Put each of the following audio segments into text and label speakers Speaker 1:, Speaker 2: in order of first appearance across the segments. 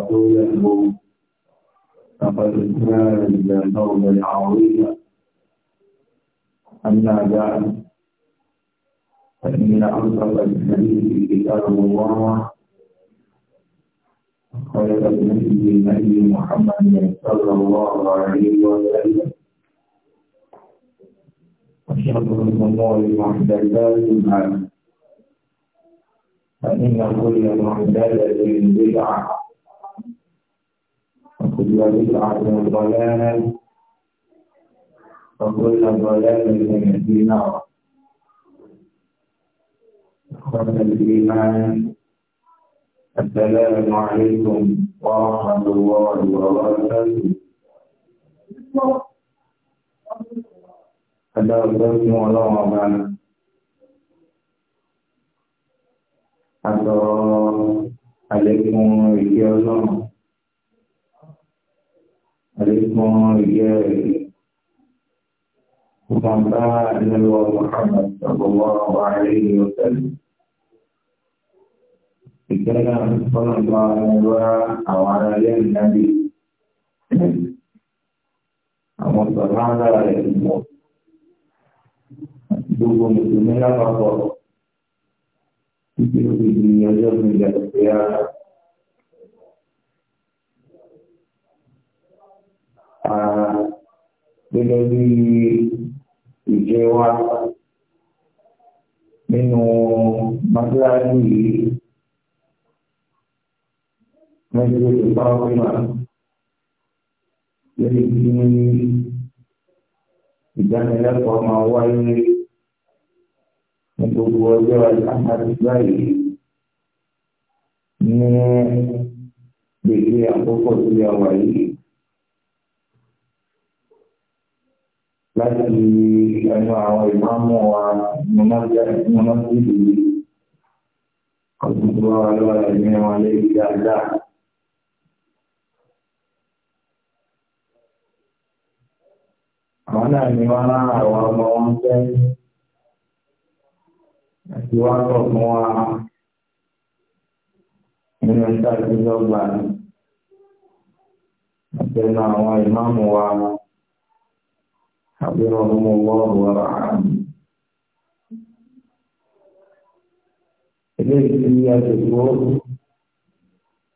Speaker 1: ورسوله فقد كان فوزا عظيما أما بعد فإن أصدق الحديث كتاب الله خير النبي نبي محمد صلى الله عليه وسلم وشر الأمور محدثاتها فإن كل محدثة بدعة وكل بدعة ضلالة وكل ضلالة في النار إخوة الإيمان السلام عليكم ورحمة الله وبركاته Ada orang yang Allah atau عليكم yang dia عليكم رجالي ومن باع نبوة محمد صلى الله عليه وسلم بكلام صلى الله عليه وسلم أو على النبي أو صلى الله عليه وسلم gbogbo mùsùlùmí lápapọ̀ títí ó fi di ọjọ́ ìgbàlódé ara. gẹ́gẹ́ bí ìjẹ wa nínú mọ́tíláàdì yìí mẹ́tílẹ̀ ìpáwọ́pínà lórí tí ìdánilẹ́kọ̀ọ́ máa wáyé ní gbogbo ọjọ́ àti báyìí ní gbèdé àkókò tí a wà yìí. láti ẹnu àwọn ìmáàmù wa mọ́nàbíyì ọdún tó wà lọ́wọ́ ẹ̀mí wọn lè fi àdá. àwọn náà ni wọ́n rán àwọn ọmọ wọn fẹ́ àti wọ́n kọ̀ fún wa nínú ìtàkùn lọ́gbà àtẹnu àwọn ìmáàmù wa. حفظهم الله ورعاهم إليك يا دكتور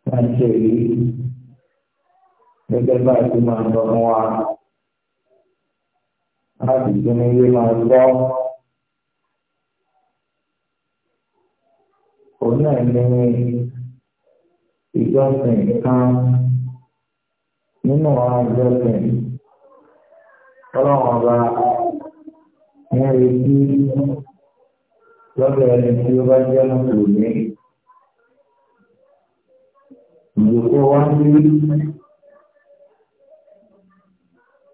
Speaker 1: فانشئي gẹ́gẹ́ bá ti máa sọ fún wa láti tún ní ilé máa gbọ́ òun náà ní ìjọsìn kan nínú àwọn ìjọsìn ọlọ́run ọba ní retí lọ́dọ̀ ẹni tí ó bá jẹ́ mùsùlùmí. Ìjòkó wá sí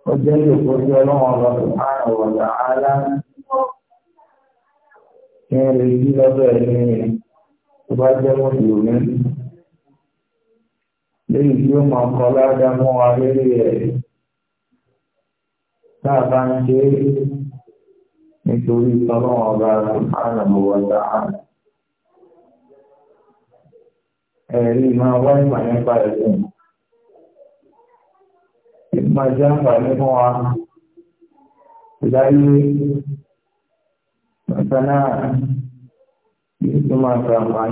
Speaker 1: ó jẹ́ ìjòkó tí ọlọ́run ọba tó máa ń wọ̀ sàálà ní retí lọ́dọ̀ ẹni tó bá jẹ́ mùsùlùmí. Léyìí tí ó máa kọ́ ládàá mọ́ wa lórí ẹ̀ táàbá ń ṣe é nítorí tọ́lọ́wọ́ ọba subhanahu wa ta'ala. Ẹ̀rí máa wá ìmọ̀ nípa ẹ̀sìn. Ìmọ̀ jẹ́ àǹfààní fún wa. Ìdáyé bàtà náà yóò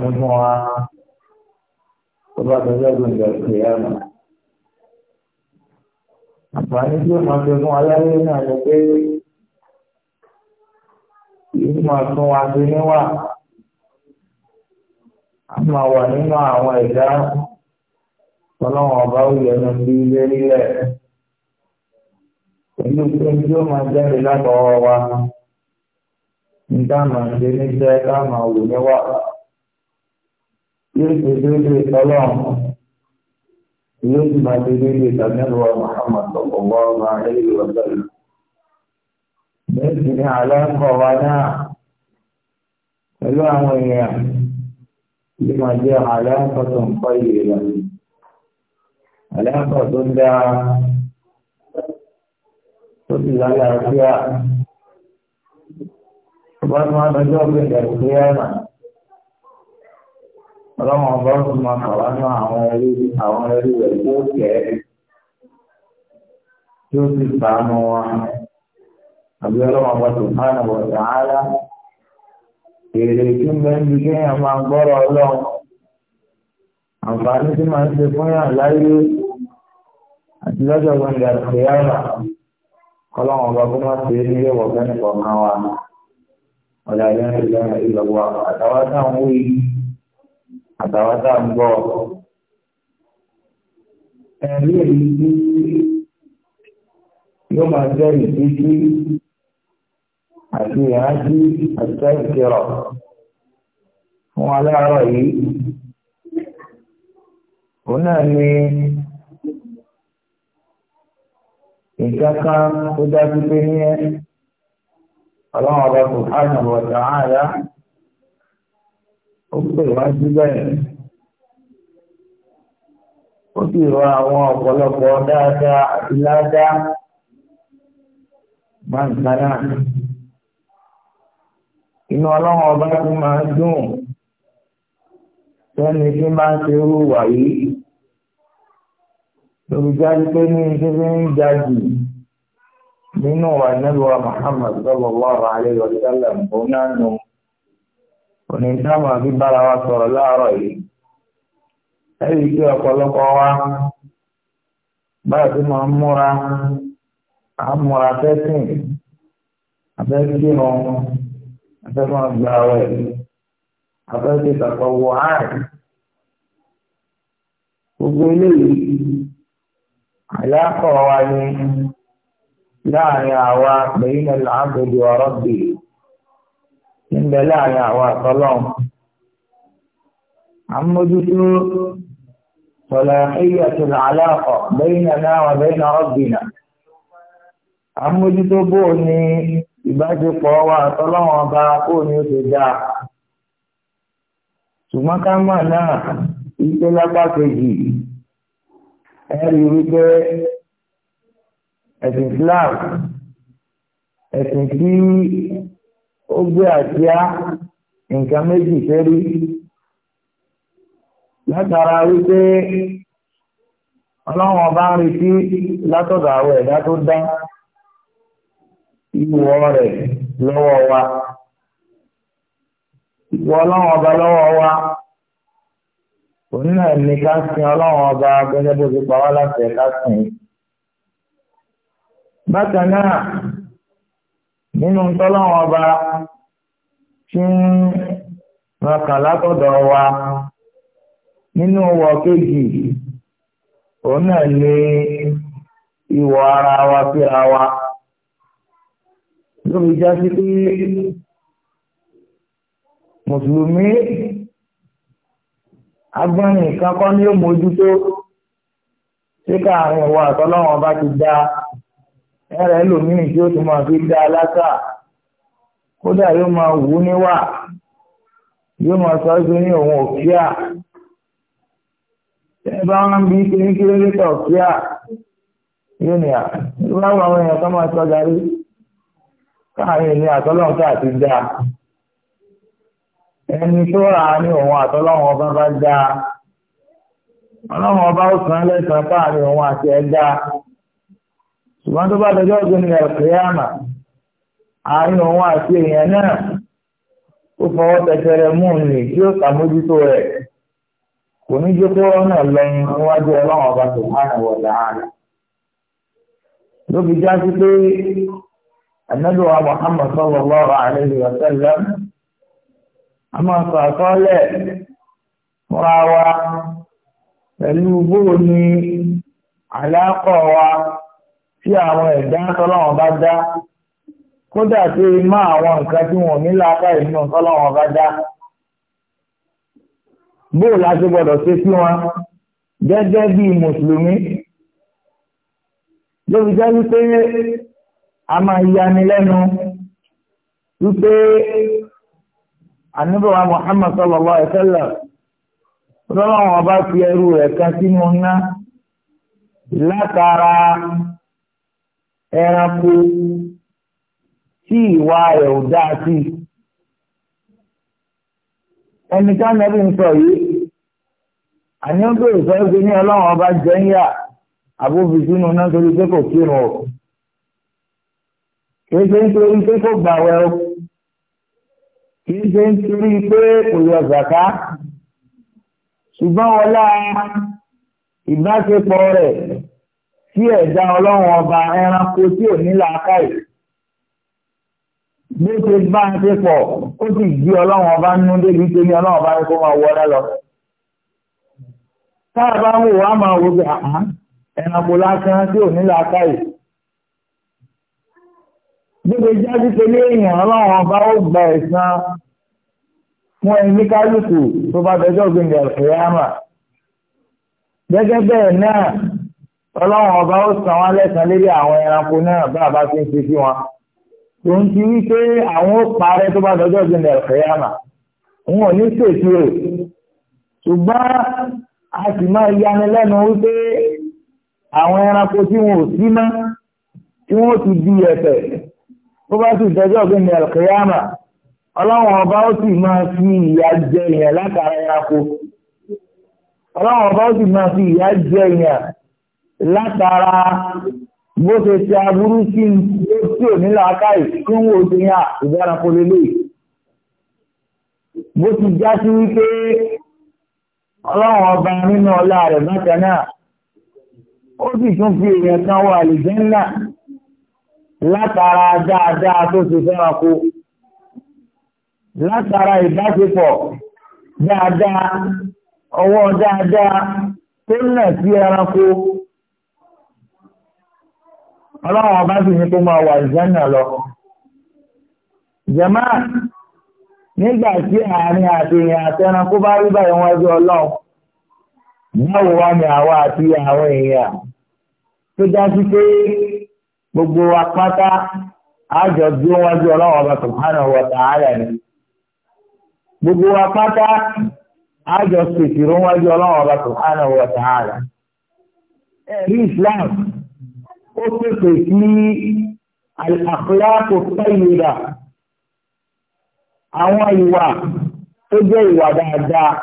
Speaker 1: tún fún wa. Tó bá tọ́jú ìgbà àǹfààní tí ó máa fi fún aláyé náà ni pé yìí máa tún wa sí níwà a máa wà nínú àwọn ẹ̀dá ọlọ́run ọba òyìn ẹnu bí ilé nílẹ̀ pẹ̀lú pé tí ó máa jáde látọwọ́ wa ní dáàmà ń dé níṣẹ́ dáàmà wò níwà yóò ṣe déédéé ọlọ́run. يجمع بين النبوة محمد صلى الله عليه وسلم بإذن علام قوانا سلام لما جاء علامة طيبة علامة دعا تطلع على أشياء وما نجوم القيامة ọlọ́run ọba ó tún máa kàwá ní àwọn ẹrú àwọn ẹrú rẹ̀ tó kẹ́ tí ó sì sànù wọn àbí ọlọ́run ọba tó máa nà wọ̀ sàárà èrè tí ń bẹ ń di kéèyàn máa gbọ́rọ̀ ọlọ́run àǹfààní tí máa ń ṣe fún yàn láyé àti lọ́jọ́ gbọ̀ngàn àtìyára kọ́lọ́run ọba kó má ṣe é ní ilé ìwọ̀fẹ́ nìkan kan wa ọ̀dà ìlànà ìlànà ìlọ́wọ́ àtàwọn táwọn wí yìí àtàwọn tá à ń gbọ́ ẹ̀rí èyí tí yóò máa jẹ́ ìdíjí àti ìrántí àti ìkẹrọ fún aláàárọ̀ yìí òun náà ni nǹkan tó dájú pé ní ọlọ́run ọba kò hàn wọ̀tá àárá ó pè wá síbẹ̀ ó sì rọ àwọn ọ̀pọ̀lọpọ̀ dáadáa àti ládàá máa ń sáná inú ọlọ́run ọba tó máa ń dùn sẹ́ni tí máa ń ṣe irú wà yìí lórí jáde pé ní ṣe fi ń jáde nínú wà nílùú Muhammad sallallahu alaihi wa sallam òun náà nù òní táwọn àbí bára wa sọ̀rọ̀ láàárọ̀ yìí ẹ̀rí pé ọ̀pọ̀lọpọ̀ wa báyìí tí mo ń múra à ń múra fẹ́sìn àfẹ́sí wọn àfẹ́sí wọn gba ọ̀rẹ́ àfẹ́sí ìtàkọ̀ wọ ààrẹ gbogbo eléyìí àyàkọ̀ wa ni láàrin àwa pẹ̀lú àbòdì ọ̀rọ̀ bèèrè tí ń bẹ láàrin àwọn àtọ́lọ́hùn à ń mójútó صلاحية العلاقة بيننا وبين ربنا àmójútó bó ni ìbáṣepọ̀ wa àtọ́lọ́wọ́n ọba kó ni ó ti dáa ṣùgbọ́n ká mọ̀ náà iṣẹ́ lápá kejì ẹ wípé ẹ̀sìn Islam ẹ̀sìn tí ó gbé a nǹkan méjì látara wípé ọlọ́run ọba ń retí látọ̀dọ̀ àwọn ẹ̀dá tó dá ìwọ rẹ̀ lọ́wọ́ wa ìwọ ọlọ́run ọba lọ́wọ́ wa onínà ní ká sin ọlọ́run ọba gẹ́gẹ́ bó ti pa wá láti bákan nínú tọ́lọ́wọ́n ọba tí ń rọkàn látọ̀dọ̀ wa nínú wọ kéjì òun náà lé ìwọ ara wa síra wa
Speaker 2: lórí já sí pé mùsùlùmí agbọ́nrin kankan ni ó mójútó
Speaker 1: ṣé káàrin ìwọ àtọ́lọ́wọ́n ọba ti dáa. ẹ̀rẹ̀ ẹlòmíì tí ó tún máa fi dá alaka. kódà yóò máa wù níwà yóò máa sọ ní òun òkíà ẹ bá wọn bí kíní kíní lítà òkíà yóò ní à láwọn àwọn èèyàn kan máa sọ darí ní àtọ́lọ́hún tá àti dá ẹni tó rà á ní òun àtọ́lọ́hún ọba bá dá ọba ó san lẹ́sàn-án òun àti ṣùgbọ́n tó bá dọjọ́ ọ̀gbìn àlùkìyàmà àárín òun àti èèyàn náà ó fọwọ́ tẹtẹrẹ mú un lè kí ó ṣàmójútó rẹ̀ kò ní jẹ́ kó náà lẹ́yìn níwájú ọlọ́run ọba tó hàn wọ̀ dáhàlà. ló fi já sí pé
Speaker 2: a máa tí àwọn ẹ̀dá tọ́lọ́wọ́n bá dá kódà tí má àwọn nǹkan tí wọn ní láàbá ìnú tọ́lọ́wọ́n bá dá bóò láti gbọ́dọ̀ ṣe sí wọn gẹ́gẹ́ mùsùlùmí lórí jẹ́ wípé a máa yani lẹ́nu wípé àníbọ̀wá Muhammad sallallahu alaihi tọ́lọ́wọ́n bá fi ẹrú rẹ̀ kan sínú ná ẹranko tí ìwà rẹ̀ ò dáa sí ẹni ká nẹ́bí ń sọ yìí àní ó bèrè sọ pé ní ọlọ́run ọba jẹ́ ń yà àbóbi sínú náà torí pé kò kírun ọ̀ kì í ṣe nítorí pé kò gbàwẹ̀ o kì í ṣe nítorí pé kò yọ zàká ṣùgbọ́n wọlá ìbáṣepọ̀ rẹ̀ tí ẹ̀dá ọlọ́run ọba ẹranko tí ò ní làákàyè bí ó ṣe bá ń ṣe pọ̀ ó sì gbé ọlọ́run ọba nínú débi tó ní ọlọ́run ọba kó máa wọlé lọ. táà bá ń wò wá máa wo bí àhán ẹranko lásán tí ò ní làákàyè. gbogbo jáde pẹ̀lú èèyàn ọlọ́run ọba ó gba ẹ̀san fún ẹni kálukú tó bá dọjọ́ gbẹ̀ngàn ìyá
Speaker 1: gẹ́gẹ́ bẹ́ẹ̀ náà ọlọ́run ọba ó san wọn lẹ́sàn lórí àwọn ẹranko náà bá a bá ti ń
Speaker 2: ṣe sí wọn tòun ti wí pé àwọn ó parẹ́ tó bá dọjọ́ ìgbìmọ̀ ẹ̀fẹ́ àmà wọn ò ní ṣèṣì rè ṣùgbọ́n a sì máa yani lẹ́nu wípé àwọn ẹranko tí wọn ò sí mọ́ tí wọn ó ti di ẹ̀fẹ̀ tó bá sì dọjọ́ ìgbìmọ̀ ẹ̀fẹ́ àmà ọlọ́run ọba ó sì máa fi ìyà jẹ ìyàn látara ẹranko ọlọ́run ọba ó sì máa fi ìyà jẹ ìyàn látara bó ṣe ṣe aburú sí ló tí ò nílò akáì tí ń wo ti yàn ìdárakọ lélẹ̀ bó ti já sí wípé ọlọ́run ọba nínú ọlá rẹ̀ bákan náà ó sì tún fi èèyàn kan wọ àlìjẹ́ńnà látara dáadáa tó ṣe fẹ́ranko látara ìbáṣepọ̀ dáadáa ọwọ́ dáadáa tó nà sí ẹranko ọlọ́run ọba sì ní kó máa wà ìjẹ́nà lọ. jẹ́mà nígbà tí àárín àti èèyàn àtẹran kó bá rí báyìí wọ́n jẹ́ ọlọ́run báwo wá ni àwa àti àwọn èèyàn tó dájú pé gbogbo apáta àjọ bí wọ́n jẹ́ ọlọ́run ọba wa ta'ala ni gbogbo apáta àjọ ọba ó pèsè sí àkíláàkò tẹ́yìnrà àwọn ìwà tó jẹ́ ìwà dáadáa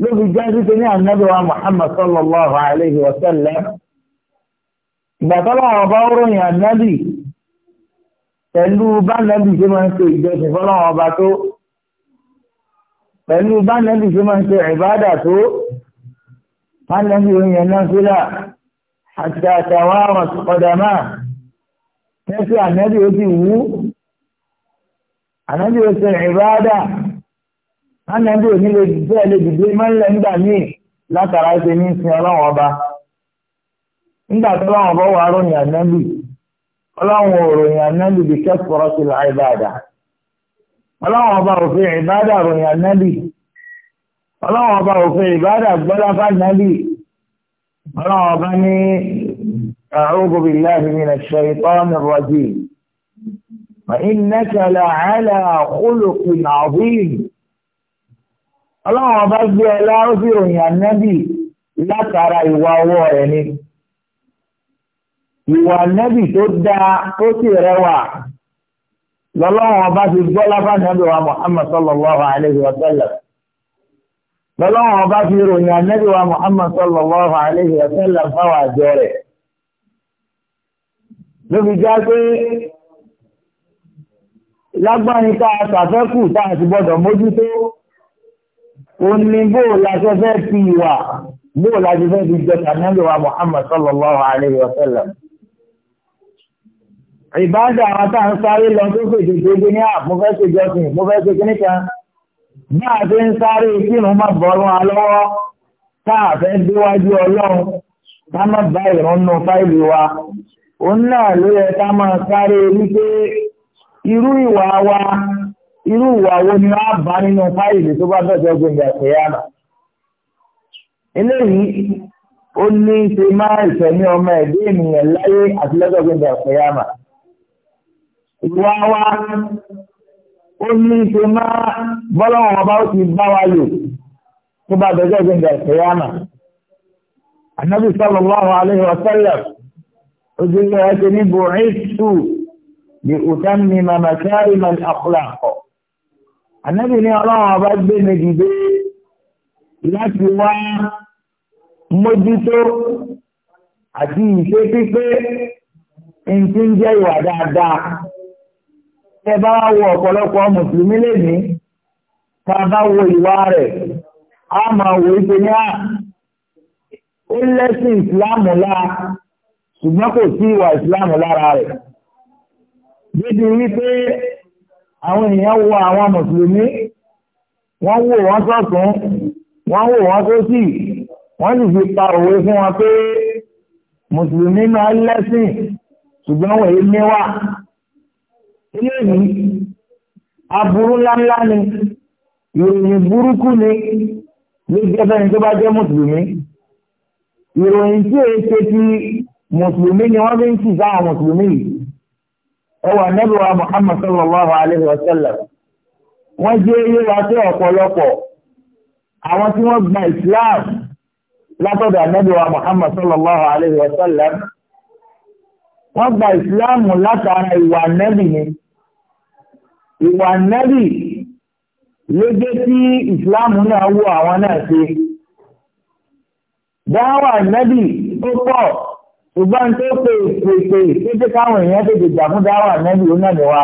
Speaker 2: ló fi jẹ́ títí ní ànábẹ́wà Muhammad sallallahu alayhi wa sallam ìgbàtọ́lá ọba oróyìn ànábì pẹ̀lú bánàbì ṣe máa ń ṣe ìjọsìn fọ́lọ́wọ́ ọba tó pẹ̀lú bánàbì ṣe máa ń ṣe ìbádà tó bánàbì oyin ẹ̀nà àti àtàwọn àwọn ọ̀dà máa tẹ́sí ànábì ó ti wú ànábì ó ti ìbáadà ànábì ò nílé bẹ́ẹ̀ lè dìde mọ́lẹ̀ nígbà míì látara ṣe ní sin ọlọ́run ọba nígbà tó láwọn ọba wà ròyìn ànábì ọlọ́run ò ròyìn ànábì bí kẹ́kọ̀ọ́ sí la ìbáadà fi ọba fi
Speaker 1: رابني أعوذ بالله من الشيطان
Speaker 2: الرجيم وإنك لعلى خلق عظيم ọlọ́run ọba gbé ẹ lárúbí òyìn ànábì látara ìwà ọwọ́ rẹ̀ ni ìwà ànábì tó dáa tó sì rẹwà lọ́lọ́run ọba ti gbọ́ lábàánábì wa Muhammad sallallahu alayhi wa sallam lọ́lọ́wọ́n ọba fi ròyìn ànábì wa Muhammad sallallahu alayhi wa sallam fáwọn àjọ rẹ̀ lóbi já pé lágbárin ká ṣàfẹ́kù tá a ti gbọ́dọ̀ mójútó ó ní bóò láṣẹ fẹ́ fi wà bóò láṣẹ fẹ́ fi jọta ànábì wa Muhammad sallallahu alayhi wa sallam ìbáàdà àwọn tá à ń sáré lọ tó fèdè ní àpò fẹ́ ṣe jọsìn mo fẹ́ ṣe kíníkan ní àti ń sáré kírun má bọ́rún alọ́wọ́ táà fẹ́ déwájú ọlọ́run ká má bá ìrúnnú fáìlì wa òun náà ló yẹ ká máa sáré wípé irú ìwà wa irú ìwà wo ni wọ́n á bá nínú fáìlì tó bá bẹ̀rẹ̀ ọgbìn ìyàtọ̀ yára eléyìí ó ní ṣe máa ìṣẹ̀mí ọmọ ẹ̀dá ènìyàn láyé àti lọ́jọ́ gbẹ̀dẹ̀ ọ̀pẹ̀yàmà ìwà wa ó ní ṣe máa bọ́lọ́wọ́n ọba ó ti bá wa lò tó bá dọjọ́ ìgbẹ̀ngà ìfẹ̀yàmà ànábì sallallahu alaihi wa sallam ojú ilé ẹ̀ṣẹ̀ ní bu'istu li utammima makarima al-akhlaq ànábì ní ọlọ́wọ́n ọba gbé mi láti wá mójútó àti ìṣe pípé nǹkan jẹ́ ìwà dáadáa tẹ bá wo ọ̀pọ̀lọpọ̀ mùsùlùmí lèmi tá a bá wo ìwà rẹ̀ a máa wò ó ṣe ní à ah, ó lẹ́sìn ìsìláàmù lára ṣùgbọ́n kò sí ìwà ìsìláàmù lára rẹ̀ débi wípé àwọn èèyàn wo àwọn mùsùlùmí wọ́n wò wọ́n sọ̀tún wọ́n wò wọ́n sósì wọ́n sì fi pa òwe fún wọn pé mùsùlùmí máa lẹ́sìn ṣùgbọ́n wọ́n níwà ilé yìí aburú ńláńlá ni ìròyìn burúkú ni ló jẹ́ fẹ́ni tó bá jẹ́ mùsùlùmí ìròyìn tí èyí ṣe ti mùsùlùmí ni wọ́n fi ń sì sáwọn mùsùlùmí yìí ẹwà nẹ́bùwà Muhammad sallallahu alayhi wa sallam wọ́n jẹ́ ilé wa sí ọ̀pọ̀lọpọ̀ àwọn tí wọ́n gba Islam látọ̀dọ̀ nẹ́bùwà Muhammad sallallahu alayhi wa wọ́n gba Islam látara ìwà nẹ́bì ìwà nẹ́bì ló jẹ́ tí ìsìláàmù náà wọ àwọn náà ṣe dáwà nẹ́bì tó pọ̀ ṣùgbọ́n tó pè pèpè tó jẹ́ káwọn èèyàn tètè jà fún dáwà nẹ́bì ó náà níwá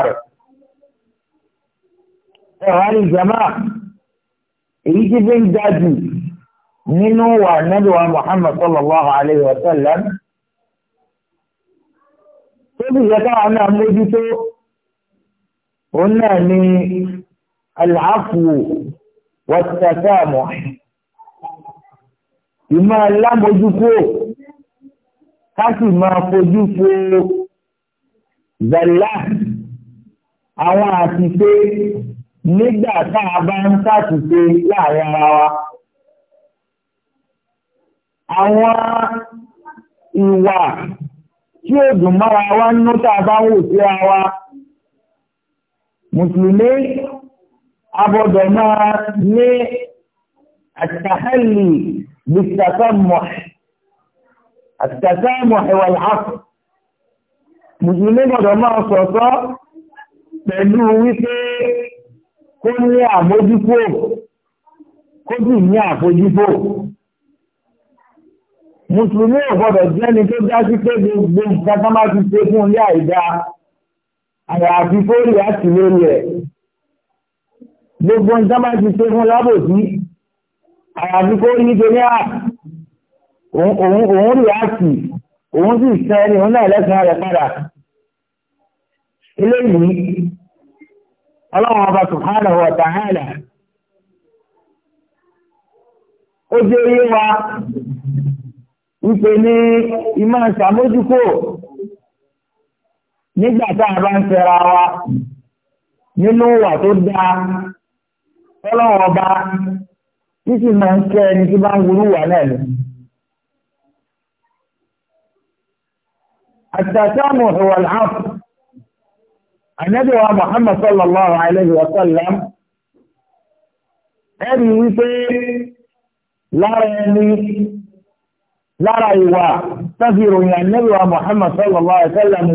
Speaker 2: nínú wà nẹ́bì wa Muhammad sallallahu alayhi wa sallam tó sì yẹ káwọn náà mójútó òun náà ni aláàfùwò wọ́tẹ́tẹ́ àmọ́ ìmọ̀ alámojúkó ká sì máa fojú fo zẹ̀lá àwọn àṣìṣe nígbà tá a bá ń ṣàṣìṣe láàrin ara wa. Àwọn ìwà tí ó dùn wa ń nú tá a bá wò sí ara wa mùsùlùmí أبو máa ní التحلي bìtàtàmọ̀ àtàtàmọ̀ ìwà ìhàkù أبو gbọ́dọ̀ máa sọ̀tọ̀ pẹ̀lú wípé kó ní àmójúkò kó sì ní àfojúfò mùsùlùmí ò gbọ́dọ̀ jẹ́ni tó dá sí pé gbogbo nǹkan máa ti ṣe fún ilé àìdáa àyàfi fórí àti lórí rẹ̀ gbogbo nǹkan bá ti ṣe fún lábòsí àyàfi fórí nítorí à òun rí àti òun sì san ẹni òun náà lẹ́sàn rẹ̀ padà eléyìí ọlọ́run ọba subhanahu wa ta'ala ó jẹ́ yé wa wípé ní ìmọ̀ ṣàmójúkò nígbà tá a bá ń fẹ́ra wa nínú wà tó dáa tọ́lọ́wọ́ bá títí máa ń kẹ́ ẹni tí bá ń wúrú wà náà lọ. àtàtàmù ìwàlá àpò ànábìwá Muhammad sallallahu alayhi wa sallam ẹ̀rí wípé lára ẹni lára ìwà tàbí ìròyìn ànábìwá Muhammad sallallahu alayhi wa sallam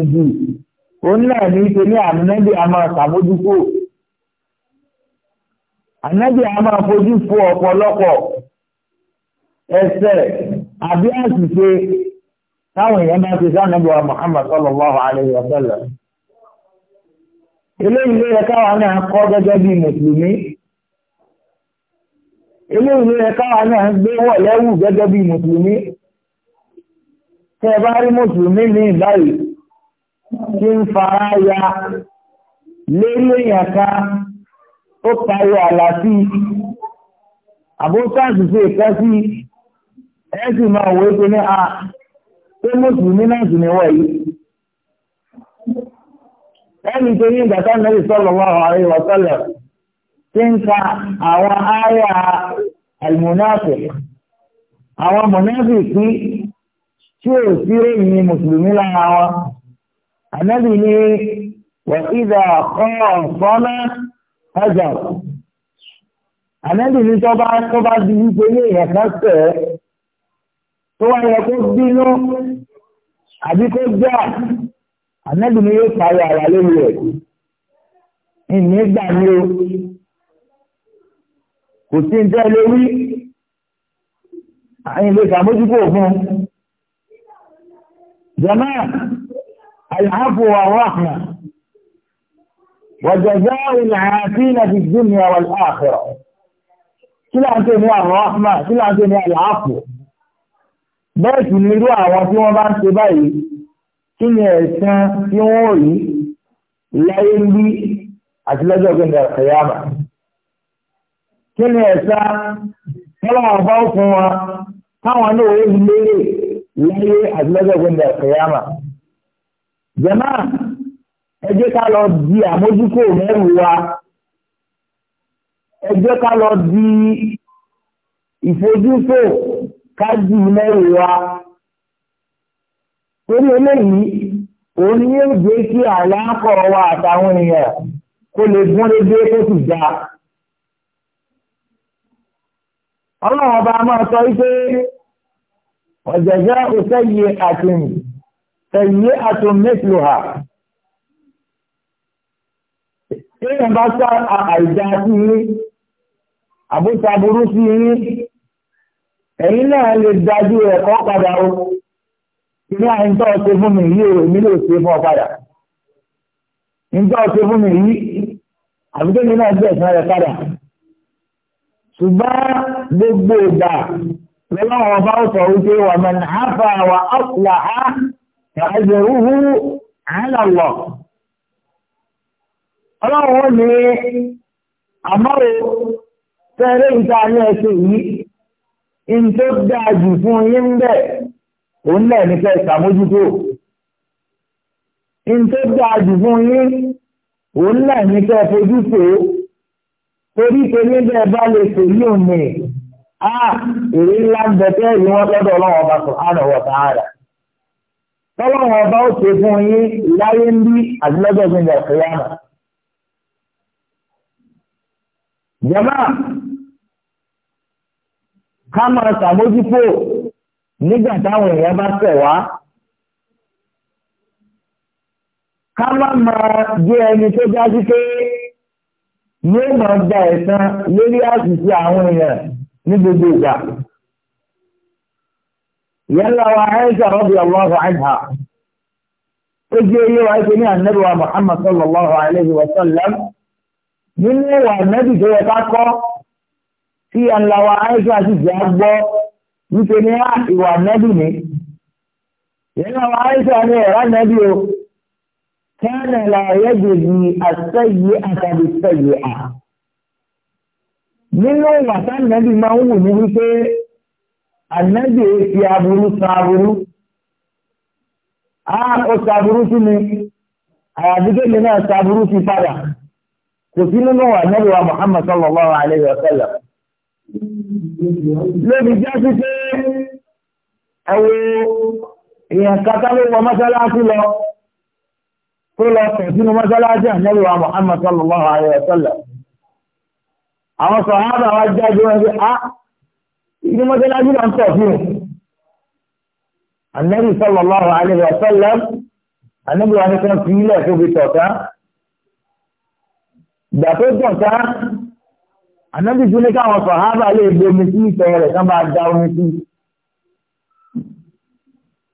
Speaker 2: òun náà ní í ṣe ní ànábì a máa ṣàmójúkò ànábì a máa fojú fo ọ̀pọ̀lọpọ̀ ẹsẹ̀ àbí àṣìṣe táwọn èèyàn bá ti sànábì wa Muhammad sallallahu alayhi wa sallam eléyìí ló yẹ káwa náà kọ́ gẹ́gẹ́ bí mùsùlùmí eléyìí ló yẹ káwa náà gbé wọ̀ lẹ́wù gẹ́gẹ́ bí mùsùlùmí tẹ́ bá rí mùsùlùmí ní ìbáyìí tí ń fara ya lérí èèyàn kan ó tayọ àlàáfí àbúrúkàṣì sí ìkẹ́ sí ẹ̀ẹ́sì máa wòó pé ní a pé mùsùlùmí náà sì ní wọ̀nyí ẹni tó ní ìgbà táwọn ẹ̀rí sọ́lọ̀ wà ààrẹ ìwọ̀sọ́lẹ̀ tí ń ka àwọn ààrẹ àlùmọ́nàfẹ́ àwọn mọ̀nàfẹ́ pín tí ò sí rẹ̀ yìí mùsùlùmí lára wọn ànábì ní wà ìdá ọ̀kan fọ́nà ọjà ànábì ní tó bá tó bá di wípé ní èèyàn kan tẹ̀ tó wá yẹ kó bínú àbí kó gbà ànábì ní yóò parí ara lórí rẹ̀ ìní gbà ní o kò sí ní tẹ́ lórí àyìnlẹ̀ ṣàmójúkò fún jẹ́mọ́ العفو والرحمة وجزاء العافين في الدنيا والآخرة كلا أنتم يا الرحمة كلا أنتم يا العفو bẹ́ẹ̀ sì ni irú àwọn tí wọ́n bá ń ṣe báyìí kí ni ẹ̀san tí wọ́n rí láyé ń bí àti lọ́jọ́ gbẹ̀ngà ẹ̀yàmà kí ni ẹ̀san tọ́lọ́wọ́n bá fún wọn táwọn náà ó rí lérè láyé àti lọ́jọ́ gbẹ̀ngà ẹ̀yàmà jẹ́mà ẹ jẹ́ ká lọ di àmójúkò mẹ́rù wa ẹ jẹ́ ká lọ di ìfojúfò ká di mẹ́rù wa torí eléyìí òun ni yóò jẹ́ kí àlákọ̀ wa àtàwọn èèyàn kó lè gún régé tó sì já ọlọ́run ọba máa sọ wípé ọ̀jẹ̀jẹ̀ òṣèyí àti nìyí. سيئة مثلها Èèyàn bá sá àìdá sí yí, àbúta burú sí yí, ẹ̀yìn náà lè dájú ẹ̀kọ́ padà o, ní àìntọ́ ṣe fún mi yí èrò nílò ṣe fún ọ padà. ṣe fún mi ẹ̀ẹ́dẹ̀rúhú àálàwọ̀. Ọlọ́run ni àmọ́rò tẹ́rẹ ìta ní ẹ̀ṣẹ̀ yìí, in tó dáa jù fún yí ń bẹ̀, òun lẹ̀ ní kẹ́ ìsàmójútó. In tó dáa jù fún yí, òun lẹ̀ ní kẹ́ ìfojúfò, torí pé níbẹ̀ bá lè fò yí òun ni, ah, èrè ńlá ń bẹ̀ tẹ́rì lọ́dọ̀ ọlọ́run ọba sọ̀hánà wọ̀ sáárà tọ́lọ́wọ́n ọba ó ṣe fún yín láyé ń bí àdúlọ́gbọ̀gbìn ìjà ìfẹ́yàmà. jama ká máa ṣàmójúfò nígbà táwọn èèyàn bá tẹ̀ wá. ká má máa jẹ́ ẹni tó dájú pé yóò máa gba ẹ̀san lórí àṣìṣe àwọn èèyàn ní gbogbo ìgbà yálà wa aisha radiyallahu anha ó jẹ́ ilé wa ṣe ní ànábì wa muhammad sallallahu alayhi wa sallam nínú ìwà ànábì tó yẹ ká kọ́ tí yálà wa aisha sì jẹ́ gbọ́ nítorí ìwà ànábì ni yálà wa aisha ní ẹ̀rọ ànábì o kánà láyé gbèsè àṣẹyé àtàbí ṣẹyé à nínú ìwà sáà máa ń wù ní wípé ànábì fi e aburú san aburú a ah, ó san aburú sí mi àyàdúgbèmí náà san aburú sí padà kò sí nínú ànábì wa Muhammad sallallahu alayhi wa sallam lóbi jásí pé ẹwọ èèyàn kàkà ló wọ mọ́sálásí lọ tó lọ sẹ̀sínú mọ́sálásí ànábì wa Muhammad sallallahu alayhi wa sallam àwọn sọ̀hábà wa jáde wọn sí a. Ah, ibi mọ́sálásí náà ń tọ̀ fún un. Ànábì sallallahu alaihi wa sallam ànábì wa ní kan fi ilẹ̀ tó fi tọ̀ta. Ìgbà tó tọ̀ta ànábì tún ní káwọn sàhábà lè bomi sí ìtọ̀ rẹ̀ ká máa da omi sí.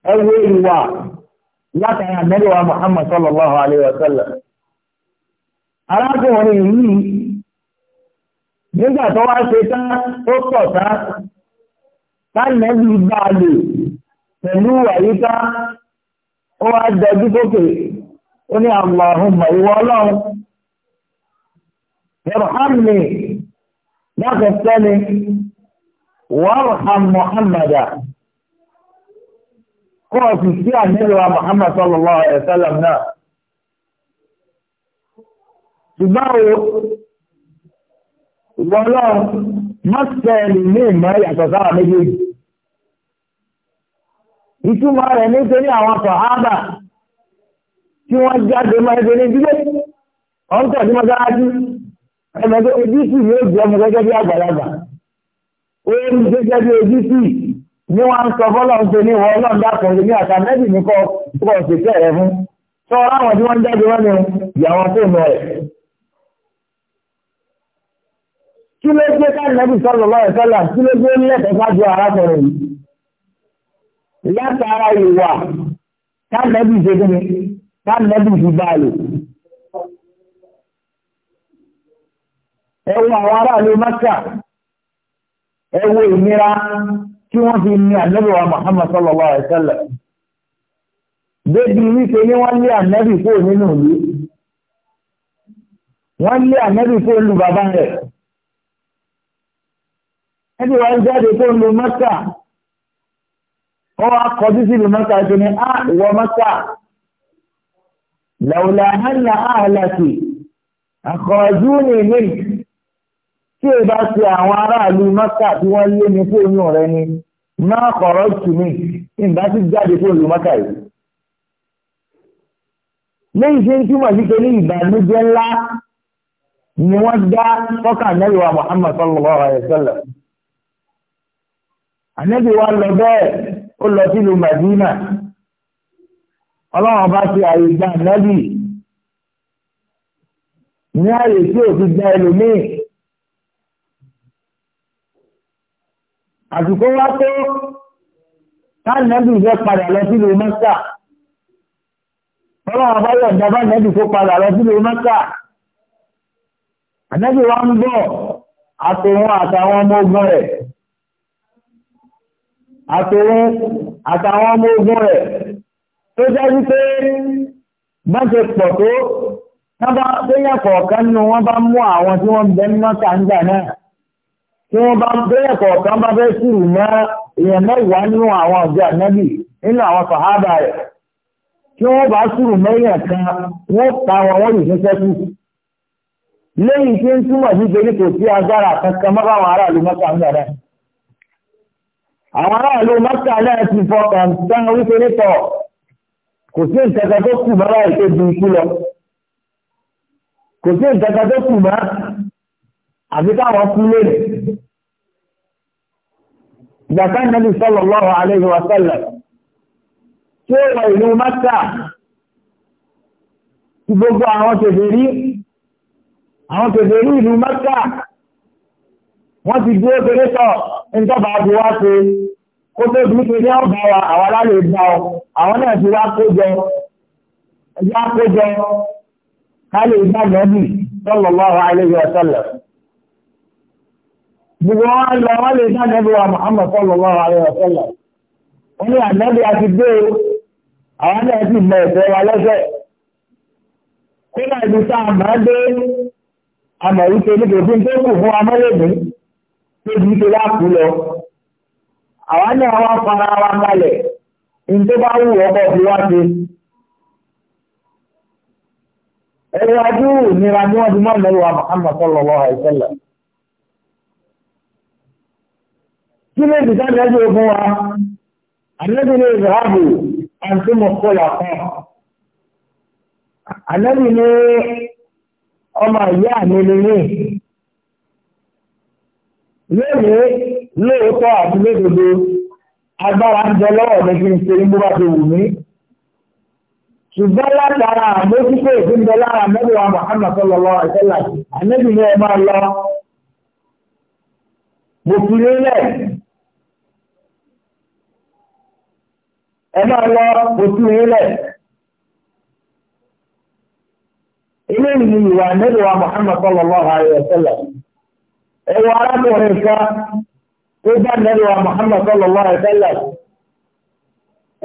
Speaker 2: Ẹ wo ìwà látàrí ànábì wa Muhammad sallallahu alaihi wa sallam. Arákùnrin yìí nígbà tó wá ṣe tán ó pọ̀ tán kánẹ́bí bá a lè pẹ̀lú àyíká ó wá dẹjú kókè ó ní Allahumma ìwọ ọlọ́run irhamni
Speaker 1: láti sẹ́ni
Speaker 2: warham Muhammada kó o sì sí àníwá mọ́sẹ̀lì ní ìmọ̀ yàtọ̀ sáwà méjèèjì. Ìtumọ̀ rẹ̀ nítorí àwọn sọ̀hábà tí wọ́n jáde máa ẹgbẹ́ ní ìdílé, ọ̀n tọ̀ sí mọ́sáájú, ẹgbẹ́ ojútì yóò jẹ́ ọmọ gẹ́gẹ́ bí àgbàlagbà. Ó ń gẹ́gẹ́ bí ojútì ní wọ́n ń sọ fọ́lọ̀ ń pe ní ìwọ ọlọ́run dákùn ní àtà mẹ́bì ní kọ́ ọ̀sẹ̀ tẹ̀rẹ̀ fún. Sọ kí ló gbé káàdì sọ̀rọ̀ lọ́wọ́ ìfẹ́lá kí ló gbé lẹ́tọ̀ọ́ sáájú arákùnrin yìí látara ìwà káàdì ṣẹ́gun ni káàdì fi bá a lò. ẹ àwọn aráàlú mẹ́kà ẹ wo ìnira wọ́n fi ní ànábìwá Muhammad sallallahu débi ní wọ́n lé nínú ìlú wọ́n lé ẹbí wa ń jáde tó ń lo mọ́tà ó wá kọjú sí ìlú mọ́tà tó ní á ah, ìwọ mọ́tà lọ́wọ́lá hánà áhàlàkì àkọ́jú ní ìlú tí o bá ṣe àwọn aráàlú mọ́tà tí wọ́n lé mi fún oyún rẹ ni máa kọ̀rọ̀ tù mí ìgbà tí jáde tó ń lo mọ́tà yìí lẹ́yìn tí ń túmọ̀ sí pé ní ìbànújẹ́ ńlá ni wọ́n dá fọ́kà náírà sallallahu alayhi wa sallam ànẹ́bí wa lọ bẹ́ẹ̀ ó lọ sílùú Madina ọlọ́run bá ti àyè gba ànẹ́bí ní àyè tí ò fi gba ẹlòmíì àsìkò wá tó káànẹ́bí fẹ́ padà lọ sílùú Mẹ́kà ọlọ́run bá yọ̀ ìjọba ànẹ́bí kó padà lọ sílùú Mẹ́kà ànẹ́bí wa ń bọ̀ àtòun àtàwọn ọmọ ogun rẹ̀. àtòun àtàwọn ọmọ ogun rẹ̀ tó jẹ́ wípé bá ṣe pọ̀ tó tábà péyàn kọ̀ọ̀kan wọn bá mú àwọn tí wọ́n bẹ nínú kàńgà náà tí wọ́n bá péyàn kọ̀ọ̀kan bá fẹ́ sùúrù mọ́ èèyàn mẹ́wàá nínú àwọn ọ̀jọ́ bá sùúrù kan wọ́n pa wọn wọ́n yìí ṣiṣẹ́ kù lẹ́yìn tí ń túmọ̀ sí kò sí agbára kankan mọ́ báwọn aráàlú àwọn aráàlú mọ́tà náà ti fọkàn tán wípé nítọ̀ kò sí ìtẹ́ka tó kù mọ́ láì tó ju ikú lọ kò sí ìtẹ́ka tó kù mọ́ àfi káwọn kú lónìí ìgbàká nàbì sallallahu alaihi wa sallam tí ó wọ ìlú mọ́tà tí gbogbo àwọn tèbèrí àwọn tèbèrí ìlú mọ́tà wọ́n ti dúró kéré tọ̀ ìjọba ti wá pé kó tó bí pé ní ọ̀gá wa àwọn alálè gbà ọ àwọn náà ti wá kó jọ ẹjọ́ kó jọ ká lè gbà lọ́bì sallallahu alaihi wa sallam. Gbogbo wọn lọ wọ́n lè gbà lọ́bì wa Muhammad sallallahu alaihi wa sallam. Wọ́n ní ànábì àti dé àwọn náà ti mọ ẹ̀fẹ́ wa lọ́sẹ̀. Kó náà ibi tá máa dé àmọ̀ wípé nítorí tó kù fún amọ́lẹ́gbẹ̀ẹ́ tóbi tó bá kú lọ àwa náà wá fara wa balẹ̀ ní tó bá wù ọkọ̀ fi wá ṣe ẹ̀rọ adú nira ní wọ́n fi mọ́ mẹ́rin wa Muhammad sallallahu alaihi wasallam kí ló dìtà lẹ́jọ́ ogun wa àlẹ́bí ní ìrọ̀hábù àti mọ̀kọ́lá kan àlẹ́bí ní ọmọ ìyá mi lè lóòrè lóòótọ́ àti lódodo agbára ń jẹ lọ́wọ́ mi kí n ṣe ní bó ti wù mí. ṣùgbọ́n látara àmójútó lára sallallahu alaihi wasallam ànábì ni ala lọ. mo fi lélẹ̀ ẹ lọ mo fi lélẹ̀. sallallahu ẹwọ arákùnrin kan tó bá nẹ́lú wa Muhammad sallallahu alaihi wasallam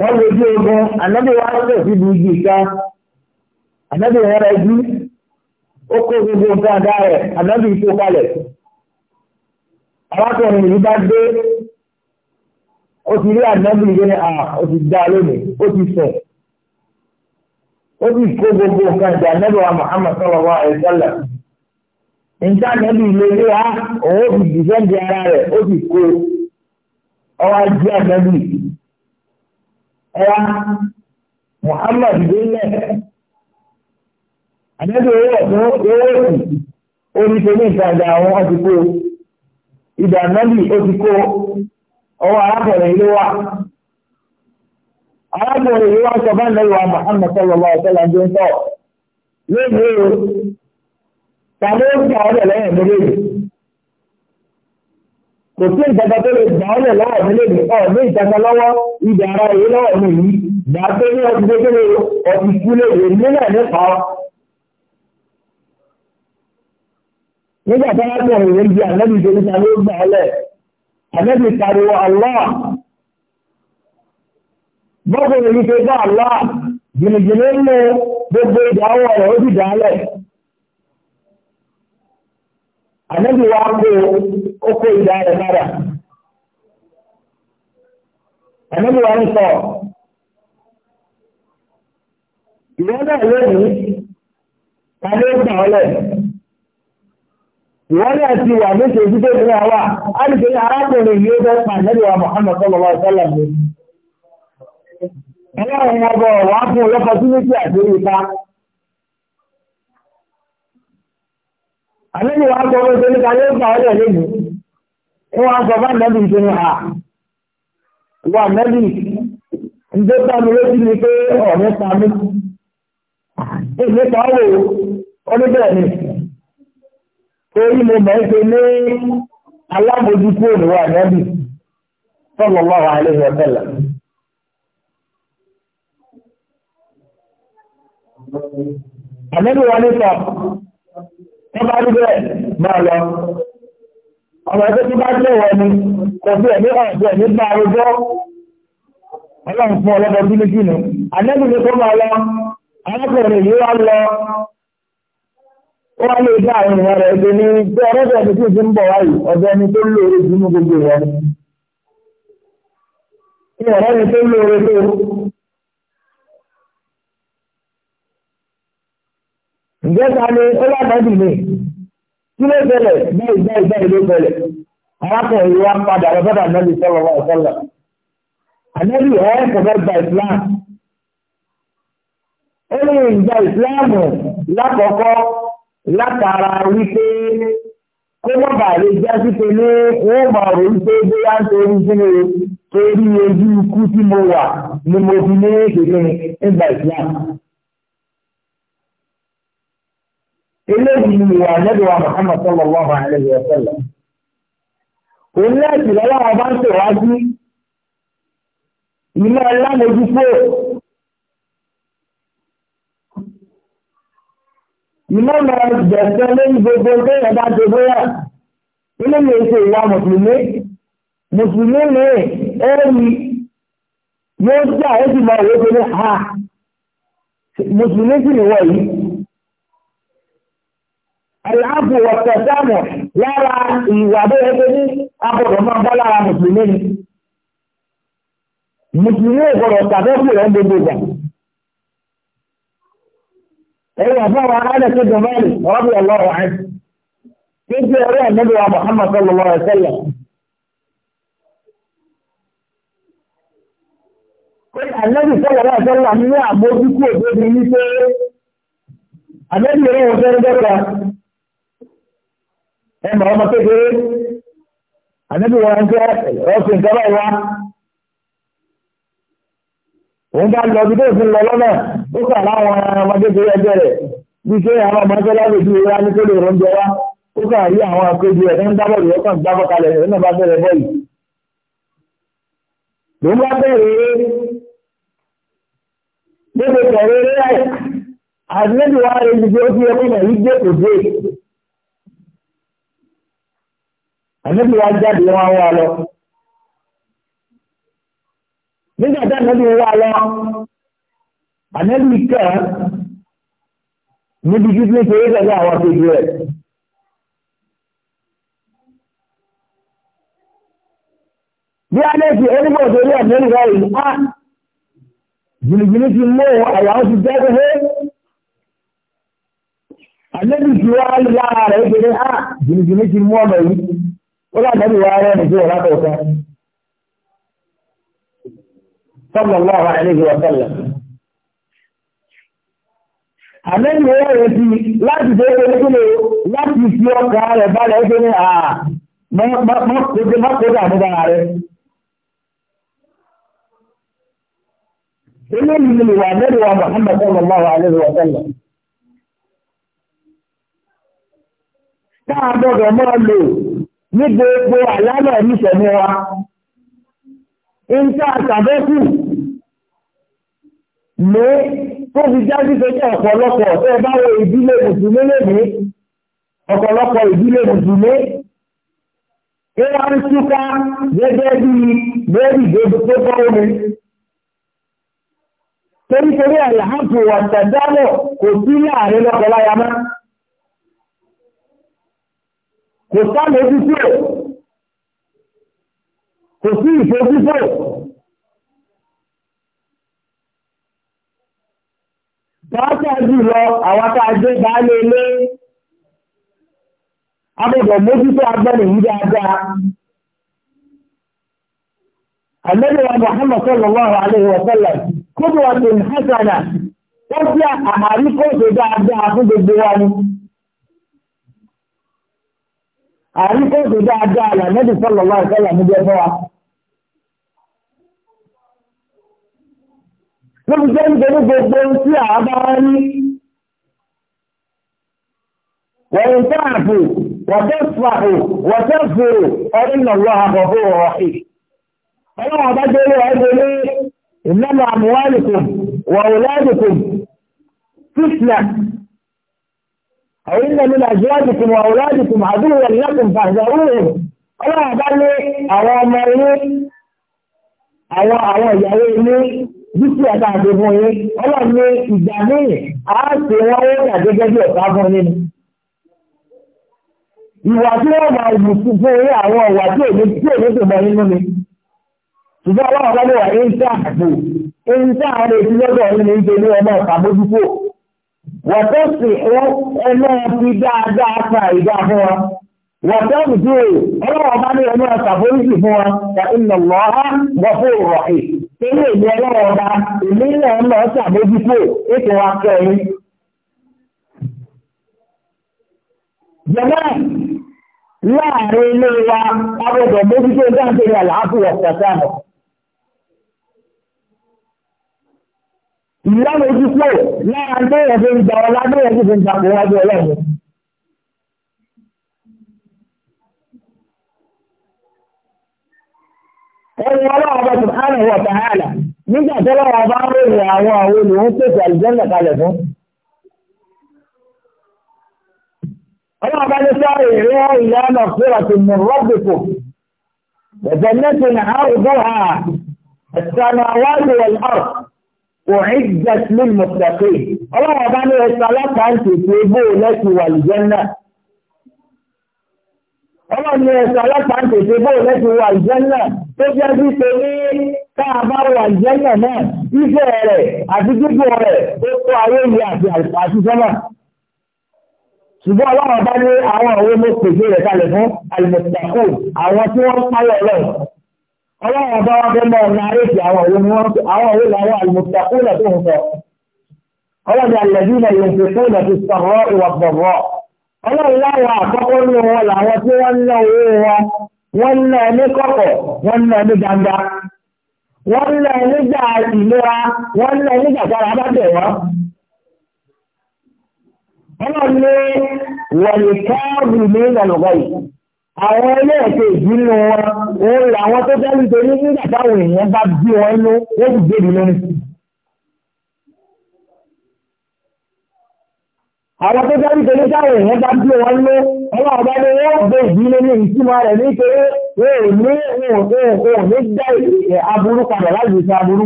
Speaker 2: wọ́n lè ogun ànábì wa ń tẹ̀sí bí igi ká ànábì wọn rẹ̀ jí ó kó gbogbo nǹkan àdá rẹ̀ ànábì tó kalẹ̀ arákùnrin yìí bá dé ó ti rí ànábì yìí ní à ah, ó lónìí ó ti ó ti kó gbogbo nǹkan àdá wa sọlọ nta nàbí ìlérí wa òun ó fi dìfẹ́ǹdì ara rẹ̀ ó fi kó ọwọ́ ajé ànábì a Muhammad délẹ̀ ànábì owó ọ̀tún owó òsì oníṣẹ́lẹ̀ ìtajà àwọn ti ìdá ànábì ó ti ọwa ọwọ́ arákùnrin ló wà arákùnrin ló wà sọ fún ànábì wa ń ta ló ń gbà ọ́lẹ̀ lẹ́yìn méjèèjì kò sí ìjọba tó lè gbà ọ́lẹ̀ lọ́wọ́ méjèèjì ọ̀ ní ìjọba lọ́wọ́ ibi ara èyí lọ́wọ́ mi yìí gbà pé ní ọdún kékeré ọdún ìkúlé èyí náà nípa nígbà tó wá pọ̀ ìwé ibi ànábì ìjọba ta ló gbà ọ́lẹ̀ ànábì pariwo Allah bọ́ọ̀bù mi ní bá Allah jìnnìjìnnì ń mú gbogbo ìdáwọ̀ rẹ̀ ó ti dálẹ̀ ànábì wa kó oko ìdá rẹ̀ lára ànábì wa ń sọ ìwọ náà lónìí ta ló gbà ọ́ lẹ̀ ìwọ náà ti wà ní ṣèjú tó ní àwa a lè ṣe arákùnrin yìí ó fẹ́ pa ànábì wa Muhammad sallallahu alaihi wasallam ni. Ọlọ́run ọgbọ̀n wàá fún ọlọ́pàá tí méjì àti orí ìta àlejò wa gbọ́ pé torí ká yóò gbà ọ́ lẹ̀ lẹ́nu sọ tó ní ha wà ń tó lójú ni pé ọ̀rẹ́ mí èmi wò ó ní bẹ́ẹ̀ ni torí mo mọ̀ wọ́n bá rí bẹ́ẹ̀ máa lọ. Ọmọ ẹgbẹ́ tí bá jẹ́ wọ ni, kò sí ẹ̀mí ọ̀dọ̀ ẹ̀mí bá arúgbó. Ọlọ́run fún ọlọ́dọ̀ bí méjì nù. Ànẹ́bì ni kó máa lọ, arákùnrin yìí wá lọ. Ó wá lè dá àwọn ènìyàn rẹ̀ ẹgbẹ́ ní bí ọlọ́dọ̀ ẹni tí ìdí ń bọ̀ wáyìí, ọ̀dọ̀ ẹni tó lóore jù gbogbo rẹ̀. Ìyẹn ọ̀rẹ́ ni tó lóore tó ìjẹta ni ó lágbàdì ni kí ló ṣẹlẹ̀ báyìí báyìí báyìí ló ṣẹlẹ̀ arákùnrin wa padà lọ sọ́dọ̀ ànábì sọ́lọ́ wa sọ́lọ́ ànábì ẹ̀ kọ̀ọ̀kan gba ìsìláàmù ó ní ìgbà ìsìláàmù lákọ̀ọ́kọ́ látara wípé kó má bàa lè já síte ní wọ́n máa rò wípé bóyá ń torí sínú torí ojú ikú tí mo wà ni mo fi ní kékeré nígbà ìsìláàmù. eléyìí ni ìwà nẹ́bíwá Muhammad sallallahu alayhi wa sallam. òun náà sì lọ́wọ́ àwọn bá ń tẹ̀wájú ìmọ̀ ẹ̀lámojúfò ìmọ̀ máa gbẹ̀sẹ̀ lórí gbogbo bẹ́ẹ̀ bá ti bóyá nínú mi ṣe ìwà mùsùlùmí mùsùlùmí ni ẹ̀rí yóò gbà ó sì máa wọ́pẹ́ ní ha mùsùlùmí sì ni wọ̀ yìí. àlàáfù ọ̀sẹ̀ lara lára ìwà bó yẹ pé ní abọ̀dọ̀ máa bá lára mùsùlùmí ni mùsùlùmí ò gbọdọ̀ tàbẹ́kù rẹ̀ ń gbogbo ìgbà ẹ̀yìn àfọwọ́ alẹ́sẹ̀ dùnmọ́lì ọ̀rọ̀bì ọlọ́rọ̀ ẹ̀ tí ń jẹ́ ọ̀rẹ́ ẹ̀mẹ́bí wa Muhammad sallallahu alaihi ẹ mọ̀ ọmọ kékeré ànábì wọn ń jẹ́ ọ̀sìn ìjọba ìwà òun bá lọ bí tó fi lọ lọ́nà ó kà láwọn ọmọ kékeré ẹgbẹ́ rẹ̀ bí ṣé àwọn ọmọ ẹgbẹ́ lábẹ́ ìdílé wa ní kólé ìrọ̀ ń jẹ wá ó kà rí àwọn akéde ẹ̀ ń dábọ̀ rẹ̀ ọkàn gbábọ̀ kalẹ̀ ẹ̀ náà bá bẹ̀rẹ̀ bọ́ yìí. ló ń bá bẹ̀rẹ̀ gbogbo tẹ̀rẹ̀ rẹ̀ àdínẹ́bí wa rẹ̀ ìdíje ó fi ẹkún náà yí gbé kò dé ànábì wa jáde wọn wá lọ nígbà tí ànábì wá lọ ànábì kẹ níbi títí ní kéré pẹ̀lú àwọn akéde rẹ̀. bí a lè fi onígbà òṣèré ọ̀dọ́ nígbà yìí á jìnnìjìnnì ti mú àwọn ti jẹ́ pé ànábì tí wọ́n á lára rẹ̀ pé á jìnnìjìnnì ti mú ọmọ yìí. ولا láti ẹbí wa rẹ nìjú ọ̀la tó sọ sọmọ lọ́wọ́ àìlèjì ọ̀sẹ̀lẹ̀. àmẹ́ni wọ́n rẹ̀ ti láti ṣe é lókè láti fi ọkà rẹ̀ balẹ̀ ó ṣe ní à mọ́kòdà àmúgbára rẹ̀. eléyìí ni wà nẹ́rù wa Muhammad sọmọ lọ́wọ́ àìlèjì ọ̀sẹ̀lẹ̀. táà gbọ́dọ̀ máa lò ní gbogbo àlálẹ̀ níṣẹ̀mí wa ìta àtàbẹ́kù lé tó fi jáde pẹ̀lú ọ̀pọ̀lọpọ̀ tó bá wo ìdílé mùsùlùmí lèmi ọ̀pọ̀lọpọ̀ ìdílé mùsùlùmí ìwà ń túká gẹ́gẹ́ bí lórí ìgbébù tó bọ́ omi torítorí àlàáfù ọ̀tẹ̀dálọ̀ kò sí láàrin lọ́kọ̀láyàmá kò sáré títí ẹ̀ kò sí ìfojúfò pàápàá jùlọ àwọn akáàjẹ́ ìbálẹ̀ ilé abọ̀bọ̀ mójútó agbẹ́lẹ̀ yìí dáadáa Àlẹ́lẹ́ wa Muhammad sallallahu alaihi wa sallam kó bí wọ́n ti ń hásánà, wọ́n fi àmàrí kóòtò dáadáa àríkòkò dáadáa là nẹ́bí sọ́lọ̀ wá ìfẹ́lá níbi ẹ̀fọ́ wa. Níbi jẹ́ nítorí gbogbo tí a bá rí wọ̀nyí táàfù wọ̀tẹ́fàfù wọ̀tẹ́fù ọdún lọ́wọ́ àbọ̀bọ̀ ọ̀hìn. Ọlọ́run àbájọ́lé ọ̀gbẹ́lé ìnáwó àmúwálìkùn wọ̀wọ̀lẹ́dìkùn fífìlà أو إن من أزواجكم وأولادكم عدوا لكم فاحذروهم ọlọ́run bá ní àwọn ọmọ yín àwọn àwọn ìyàwó ilé dúkìá tá a ti fún yín ọlọ́run ní ìgbà míì á ṣe wọ́n ó yà bí ọ̀tá fún yín. ìwà tí wọ́n máa yù sí fún yín àwọn ìwà tí èmi tí èmi tó mọ nínú mi. ṣùgbọ́n ọlọ́run bá wà ní ìṣe àpò ìṣe àwọn èdè lọ́dọ̀ yín ní ìṣe ní ọmọ ìṣàmójútó. wọ̀tọ́sìnkú ẹlẹ́ fi dáadáa ta ìdá fún wa wọ̀tọ́sìnkú ọlọ́wọ́ bá ní ẹni ọ̀sà fóríṣì fún wa ta iná lọ́ha gbọ́fó rọ̀hì torí èmi ọlọ́wọ́ bá èmi náà ń lọ ètò wa láàrin ilé wa mójútó àlàáfíà ìlànà ojú kúrò lára tó yẹ fi ń gba ọlá tó yẹ fi ń gba àwọn ọjọ́ ọlọ́run. ẹni ọlọ́run ọba subhanahu wa ta'ala nígbà tó lọ́wọ́ ọba ń ròyìn àwọn àwọn olùwọ́n pèsè àlùjànnà kalẹ̀ fún. ọlọ́run ọba ní sọ́ọ̀rì ìrìn ìlànà fúra tó mú rọ́bìkù ẹ̀jẹ̀ mẹ́tò náà àrùbọ̀ ha ẹ̀sán àwọn àwọn àrùbọ̀ أعدت للمتقين الله أباني الصلاة أنت تيبو لك والجنة الله أباني الصلاة أنت تيبو لك والجنة تجد تقول káàbárò àjẹ́nà náà ìfẹ́ rẹ̀ àti gbogbo rẹ̀ ó kó ayé ìyá àti àṣìṣẹ́ náà. ṣùgbọ́n ọlọ́run bá ní àwọn òwe mo pèsè rẹ̀ kalẹ̀ fún àlùmọ̀tàkù àwọn tí wọ́n ń páyọ̀ ọlọ́run ọlọ́run ọba wọn fẹ́ mọ́ ọ̀nà àrètí àwọn òwe ni wọ́n ti àwọn òwe làwọn àlùmọ̀tàkùnà tó ń sọ ọlọ́run àlẹ́bí náà yóò fi fún ìdàtí sọ̀rọ̀ ìwà bọ̀bọ̀ ọlọ́run láwọn àkọ́kọ́ ní wọn làwọn tí wọ́n ná owó wọn wọ́n ná ní kọ̀kọ̀ wọ́n ná ní gbangba wọ́n ná nígbà ìlera wọ́n ná nígbà tára bá bẹ̀ wọ́n. ọlọ́run ní wọ̀nyí káàbù ní ìlànà báyìí àwọn ẹlẹ́ẹ̀kẹ́ ìdínú wọn òun làwọn tó fẹ́ nítorí nígbà táwọn èèyàn bá bí wọn inú ó sì gbèrè lórí. àwọn tó fẹ́ nítorí táwọn èèyàn bá bí wọn inú ọlọ́run ọba ni wọ́n gbé ìdílé ní ìtumọ̀ rẹ̀ nítorí wọn ò ní wọn ò ní dá aburú padà láti fi aburú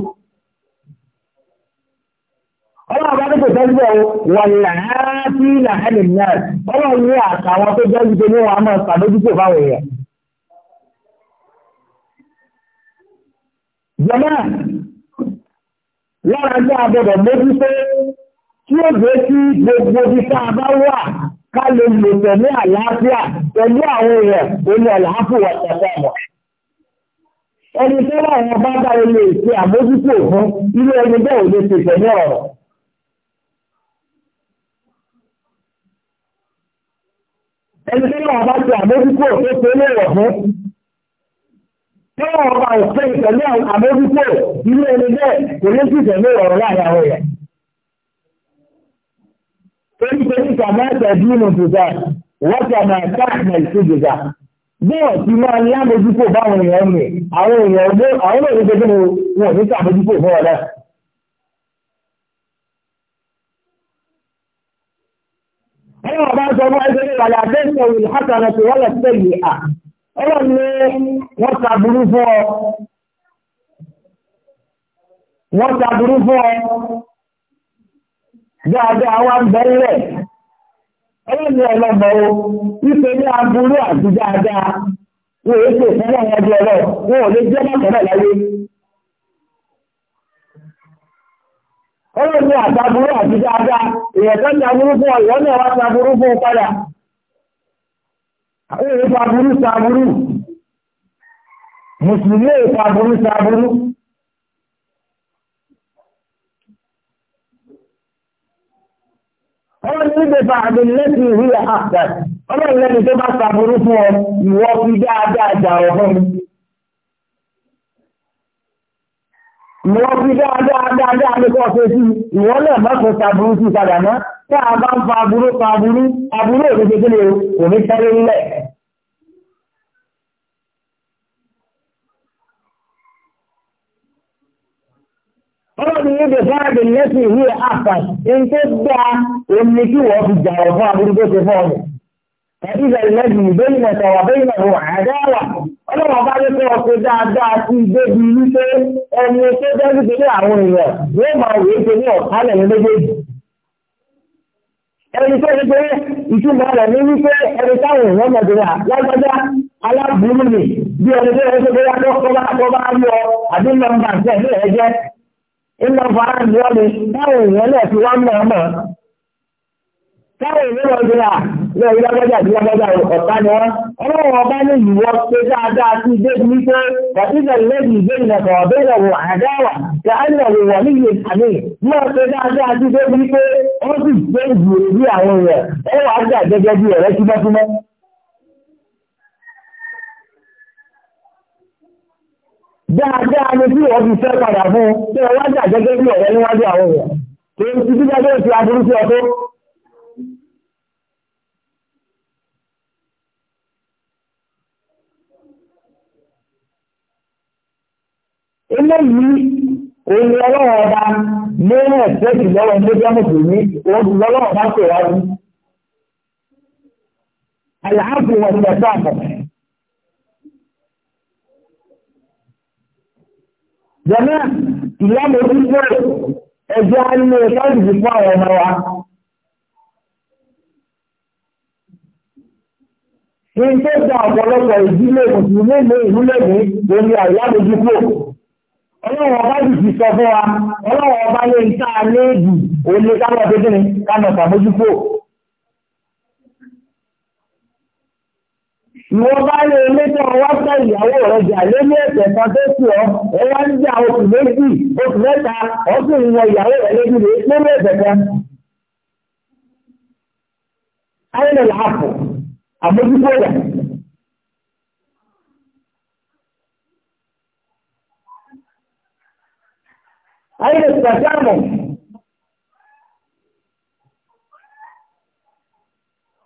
Speaker 2: ọlọ́run bá dẹ́kun tẹ́lifẹ̀ o wọ̀n láti làhálì náà ọlọ́run ní àtàwọn tó jẹ́ ìdíje ní wọn a máa ṣàbójútó fáwọn lára jẹ́ abọ́dọ̀ mójú pé tí ó gbé sí gbogbo ibi tá a bá wà ká lè lò tẹ̀lé àlàáfíà pẹ̀lú àwọn èèyàn oní àlàáfíà wà ọ̀mọ̀. ẹni tó wà wọn bá bá ilé ìṣe àmójútó fún ilé ẹni bẹ́ẹ̀ ò lè ṣètẹ̀lé ọ̀rọ̀. ẹni tí ti àmójúkò tó ilé rẹ̀ fún tí òfin ìtẹ̀lé àmójúkò ilé ẹni bẹ́ẹ̀ kò ní sí ìtẹ̀lé ọ̀rọ̀ láàrin àwọn èèyàn torítorí kàmá tẹ̀bí nù jùzà wọ́tà máa káàkiri sí jùzà bí wọ́n ti máa ní àmójúkò báwọn èèyàn mi àwọn èèyàn àwọn èèyàn fàlẹ́ àtẹ́sẹ̀ òun hàtàrà tó wọ́n lọ sí èyí à ọlọ́run ní wọ́n ta fún ọ wọ́n ta burú fún ọ dáadáa wá ń bẹ́lẹ̀ ọlọ́run ní ọlọ́mọ o wípé ní aburú àti dáadáa wọ́n Àbẹ́rẹ́ pàbúrú sàbúrú. Mùsùlùmí è pàbúrú sàbúrú. Ọmọ níbi bàbí lẹ́sìn ìrí àkàtà. Ọmọ ìlẹ́ni tó bá sàbúrú fún ọ, ìwọ fi dáadáa jà ọ̀hún. Ìwọ fi dáadáa dáadáa ní kọ́ tí a bá ń fa aburú fa aburú aburú òdodo kò ní sáré nílẹ̀. ọlọ́run ní ìdè fún àdè ní tó dá omi kí wọ́n fi jà mẹ́ta wà bẹ́yìí mẹ́ta wà àdáwà. bá ọkọ̀ dáadáa sí ìgbébi ẹni tó pé àwọn èèyàn ẹni tó ní pé ìtumọ̀ rẹ̀ ní wípé ẹni táwọn èèyàn mọ̀dúnrà lágbájá aláburú ni bí ẹni tó yẹ kó yá kó bá kó bá yọ àbí nọ́mbà tẹ̀ ní ẹ̀jẹ̀ iná fara ní ọ́ ni táwọn èèyàn náà fi wá mọ̀ ọ́ mọ̀ táwọn èèyàn mọ̀dúnrà ilé ìlú lágbájá ìlú lágbájá ọ̀tá ni wọ́n ọlọ́run ọba ní ìwọ ṣe dáadáa sí ilé ní pé kàtíjà lẹ́yìn ìgbé ìlẹ̀kọ̀ ọ̀bẹ̀rẹ̀ àdáwà kí á lè wò wà nílé àmì dáadáa sí ilé ní pé ó sì gbé ìgbèrè bí àwọn èèyàn ó wà á gẹ́gẹ́ bí ọ̀rẹ́ tímọ́tímọ́. dáadáa ni bí wọ́n fi fẹ́ padà fún un tí wọ́n wá gẹ́gẹ́ bí ọ̀rẹ́ níwájú àwọn èèyàn eléyìí òun ni ọlọ́wọ́ ọba lórí ẹ̀sẹ̀ ìlọ́wọ́ ẹgbẹ́ mùsùlùmí òun ti lọ́wọ́ ọba pè wá sí. àlàáfíà wọn ti ẹ̀sọ́ àpọ̀. jọ̀mọ́ ìyá mi ti pé ẹjọ́ nínú ìtọ́jú fún àwọn ọmọ wa. Ní tó gba ọ̀pọ̀lọpọ̀ ìdílé mùsùlùmí ní ìlú lẹ́yìn lórí àìyá mi ti pé. ọlọ́wọ́ ọba yìí sọ fún wa ọlọ́wọ́ ọba lè ta léèdì òun káwọn ọdún kánà ìwọ bá lè ọwọ́ ìyàwó rẹ̀ jà ẹ̀sẹ̀ kan tó sì ọ́ ẹ wá ń jà oṣù méjì oṣù mẹ́ta ìyàwó rẹ̀ rẹ̀ ẹ̀sẹ̀ kan. أين التسامح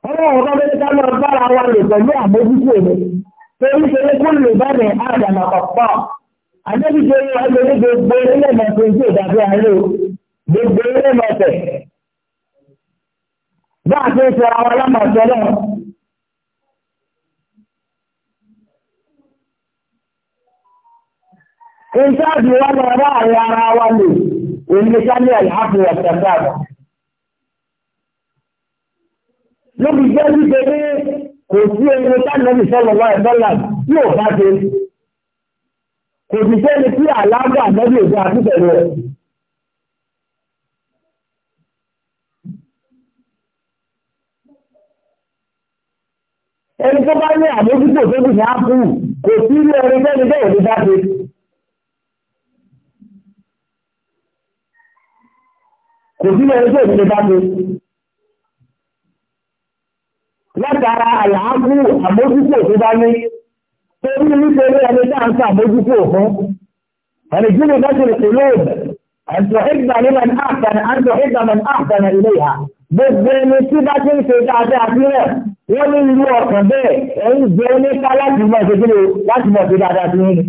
Speaker 2: ọlọ́run bá bẹ́ẹ̀ ká máa bára wa lè pẹ̀lú àmójútó mi tó ń ṣe kó lè bá mi àdàmà ọ̀pọ̀ àdébíṣe ẹgbẹ̀rún gbogbo ilé mọ̀tò ìṣe ìdàgbé ayé o gbogbo ilé mọ̀tò bá a ti ń sọ àwọn alámọ̀tò náà. ìjáàdì wọn lọ rá àwọn ara wa lò òmìnira ní àìhábù ọ̀sẹ̀dá rẹ̀. lóbi jẹ́ wípé pé kò sí ẹni tánàbì sọ́lọ̀ wá ẹ̀dọ́là tí ò bá ṣe kò sì sẹ́ni tí àlágbà ànábì òjò àtúntẹ̀lẹ̀ rẹ̀. ẹni tó bá ní àmójútó tó kù ní ápù kò sí ilé ẹni tẹ́ni tẹ́ni kò sí lẹ́yìn tó ìdílé bá mi. Látara àlàáfù àmójútó tó bá ní, tó ní wípé ní ẹni tá ń sàmójútó fún. Ẹni jí ni bẹ́sẹ̀ kò lóòbẹ̀, ẹ̀tọ́ ìgbà nílẹ̀ ní àfẹ̀nà, ẹ̀tọ́ ìgbà ní àfẹ̀nà ilé ìhà. Gbogbo ẹni tí bá ti ń ṣe dáadáa sílẹ̀, wọ́n ní irú ọkàn bẹ́ẹ̀, ẹ̀yìn jẹ́ oníká láti láti mọ̀ ṣe dáadáa sí yín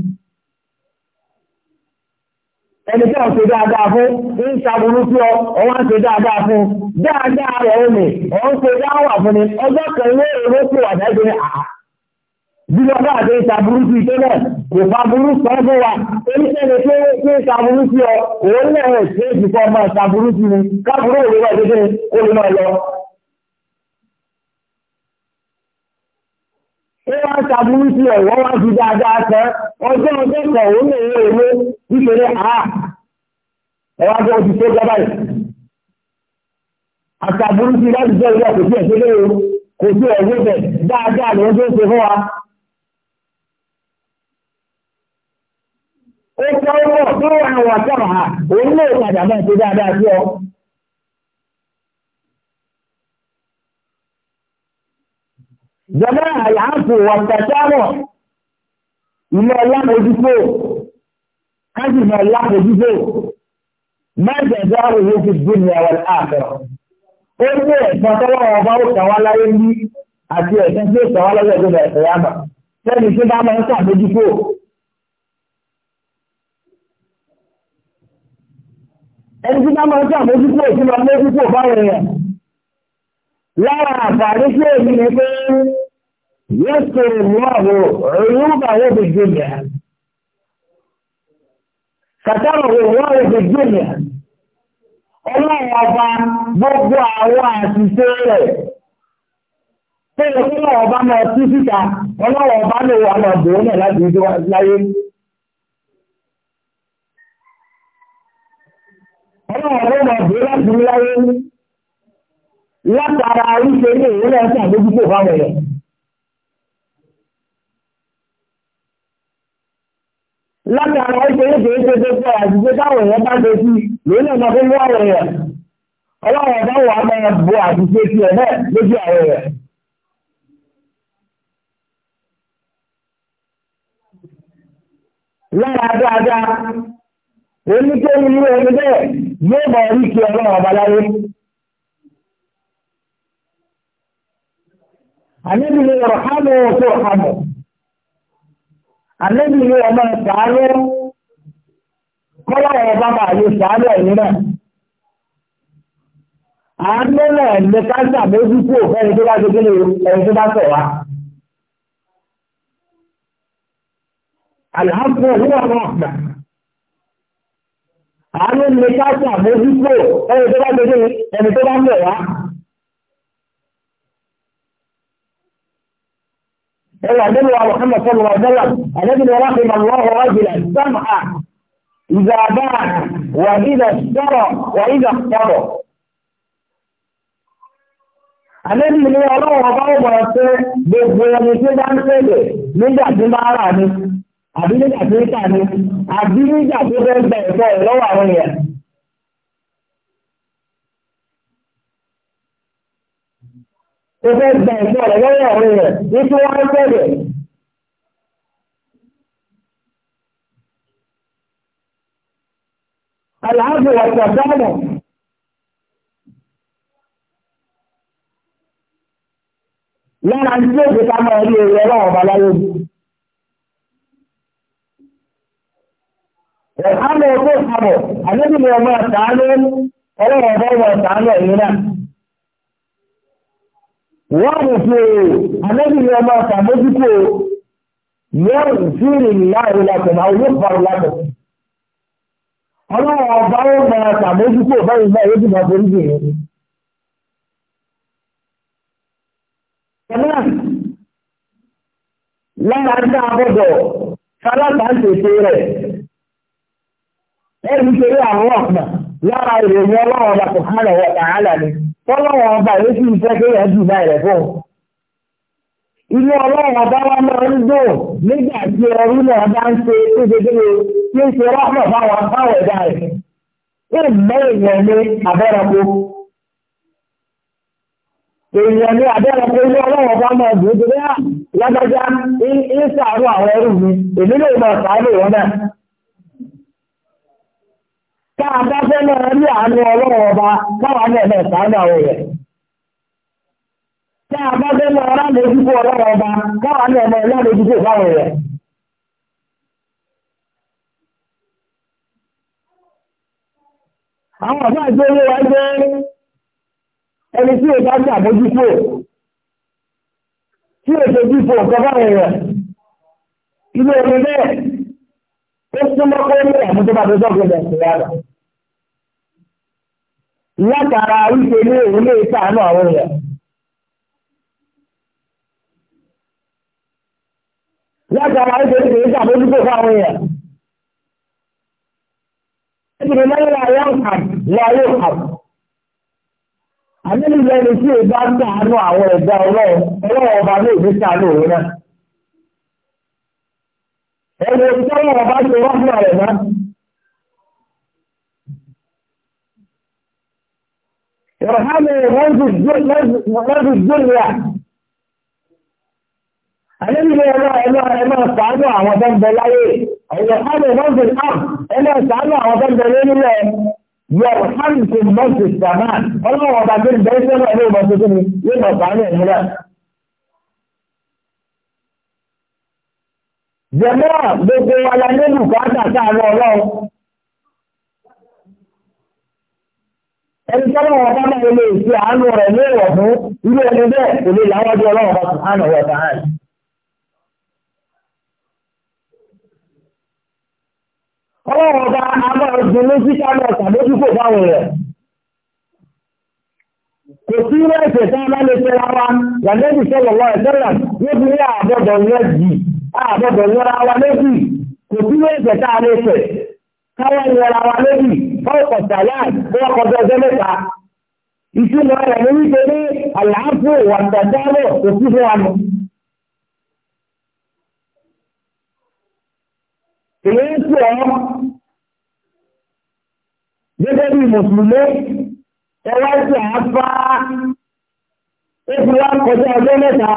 Speaker 2: ẹni tí wọ́n ṣe dáadáa fún ń ṣàbùrú sí ọ ọwọ́ ń ṣe dáadáa fún dáadáa rẹ̀ ó nì ọ̀hún ṣe dáwà fún ni ọjọ́ kan ilé èrò pè wà dájú ní àhà bí bá ṣe ṣàbùrú sí ìtẹ́lẹ̀ kò fa burú sọ fún wa oníṣẹ́ni tí ó ṣe ṣàbùrú sí ọ òun náà ṣe é jùkọ́ ọmọ ṣàbùrú sí ni káàbùrú òwe wà kó lè máa lọ ó wá ń taburú sí ẹ̀ wọ́n wá fi dáadáa tán ọjọ́ ọjọ́ kan òun lè rí èrè nítorí àá ẹ̀wá jẹ́ oṣù tó jọba yìí. àtàburú sí láti jẹ́ ẹ̀ tẹ́lẹ̀ o kò sí bẹ̀ dáadáa tó ń ha òun padà dáadáa jọba àyàfò wàtàtàrọ̀ ilé ọlá mojúfò káàdì ní ọlá mojúfò mẹ́jẹ̀dá òye ti gbé ní àwọn àfẹ́rọ̀ ó ní ẹ̀sán tọ́wọ́ ọba ó kàn wá láyé ní àti ẹ̀sán tí ó kàn wá láyé ọjọ́ ẹ̀sán yàgbà lẹ́nu tí bá máa ń sàmójúfò. ẹni tí bá máa ń sàmójúfò tí máa ń mójúfò báwọn èèyàn lára àǹfààní tí èmi ni pé يذكر الله عيوبه في الدنيا ستره الله في الدنيا ọba ọba látara ìṣeréṣe ṣeṣe pọ̀ àṣìṣe táwọn èèyàn bá ṣe sí lórí ọ̀nà tó wọ́ àwọn èèyàn ọlọ́run ọ̀dọ́ wà á máa bo àṣìṣe ti ẹ̀ náà lójú àwọn èèyàn. lára dáadáa bẹ́ẹ̀ yóò mọ orí kí ọlọ́run ọba láyé. àníbi ni ọ̀rọ̀ àlébì ilé ọmọ ìsàánú kọ́lá ọ̀rọ̀ bàbá àyè ìsàánú ẹ̀yìn náà. àánú náà lè káńtà méjì kú òfẹ́ni tó bá ṣe kí ẹni tó bá sọ̀ wá. alhamdulillah wúwà náà gbà. àánú lè káńtà méjì kú òfẹ́ni tó bá ṣe kí ẹni tó bá sọ̀ wá. ẹwà nínú wa Muhammad sallallahu alaihi wasallam àlẹ́bìnrin aláfin àlọ́wọ́ rájìlá sámà ìzàbá wà ìdà sọ̀rọ̀ wà ìdà sọ̀rọ̀. àlẹ́bìnrin ọlọ́wọ́ bá wọ̀ ṣe gbogbo ẹni tí bá ń ṣẹlẹ̀ nígbà tí bá rà ni àbí tí ń kà ni àbí nígbà fẹ́ gbẹ̀ lọ́wọ́ àwọn èèyàn Ó fẹ́ gba ẹ̀gbọ́n rẹ̀ lọ́wọ́ ọ̀rẹ́ rẹ̀ ní kí wọ́n bẹ̀rẹ̀. Àlàáfíà ọ̀pọ̀ dáàmù. Lára ń tí ó fi ká máa rí èrè ọlọ́run ọba láyé. Ẹ̀hánu ọgbọ́n sábọ̀, àlébìnrin ọmọ ọ̀tàánú, ọlọ́run ọba ọmọ ọ̀tàánú ẹ̀yìn náà. wọ́n mú fi o àlẹ́bí ni ọmọ àtàmójúkú o yóò fìrì láàrin látọ̀ náà látọ̀. ọlọ́run ọba ó mọ àtàmójúkú o báyìí náà yóò dìbò àforí lára ń dá abọ́dọ̀ sálábà ń tètè rẹ̀ àwọn ọ̀pọ̀ lára ìròyìn ọba kò wọ̀ tọ́lọ́wọ́n ọba yóò sì fẹ́ kéèyàn jù báyìí rẹ̀ Ilé ọlọ́run ọba wa máa ń dò nígbà tí ẹrú náà bá ń ṣe kékeré tí ń ṣe ẹ̀dá rẹ̀. Ó mọ èèyàn ní abẹ́rẹ́kọ. Èèyàn ní abẹ́rẹ́kọ ilé ọlọ́run ọba máa ah, lágbájá ń Káàdá fẹ́ náà rí àánú ọlọ́wọ́ ọba káwà bẹ̀rẹ̀ sáánú àwọn rẹ̀. Káàdá fẹ́ na rá lójúkú ọlọ́wọ́ ọba káwà bẹ̀rẹ̀ rá lójúkú ìfáwọn rẹ̀. Àwọn ọ̀fẹ́ àti owó wa jẹ́ ẹni tí ó bá tí ó ṣe báwọn Ilé bẹ́ẹ̀ ó súnmọ́ látara wípé ní òun lè sàánú àwọn èèyàn. látara wípé ní òun sàbójútó fáwọn èèyàn. Ìgbìmọ̀ lẹ́yìn láyé ọ̀hàn láyé ọ̀hàn. Àmì lẹ́nu tí ò bá sàánú àwọn ẹ̀dá ọlọ́run ọlọ́run ọba ní òun òun náà. ọba ti wá fún àrẹ̀ náà. ارحموا غرب الدنيا àlébìlẹ̀ ẹ̀rọ ẹ̀rọ ẹ̀rọ ṣàánú àwọn tó ń bẹ láyé ẹ̀yọ̀hánù mọ́sí náà ẹ̀rọ ṣàánú àwọn tó ń bẹ lórílẹ̀ yọ̀hánù tó mọ́sí sàmà ọlọ́wọ́ ọba tó ń bẹ sẹ́nu ẹ̀rọ ìmọ̀sí tó ní yóò ṣàánú ẹ̀mí náà. jẹ̀mọ́ gbogbo wa la nílùú kọ́ àtàkà àrùn ọlọ́run ẹni sọ́dọ̀ wọn bá máa lè fi àánú rẹ̀ ní ìwọ̀ fún irú ẹni bẹ́ẹ̀ kò lè bá ọba agbára dunu síta náà sàmójúkò fáwọn rẹ̀. kò sí irú ẹ̀sẹ̀ tá a bá lè fẹ́ ra wa lànẹ́bí sọ̀rọ̀ lọ ẹ̀sẹ̀rẹ̀ níbi ní àbọ̀dọ̀ yẹn jì àbọ̀dọ̀ yẹn ra wa kò sí irú káwọn ìrọ̀lá wa lórí fọ́ọ̀kọ̀ sàláàd tó wọ́n kọjá ọjọ́ mẹ́ta. ìtumọ̀ rẹ̀ ní wípé ní àlàáfíà wà tàdánù kò sí fún wa mọ́. èyí ń sọ ọ́ gẹ́gẹ́ bí mùsùlùmí ẹ sí àáfà ó fi wá kọjá ọjọ́ mẹ́ta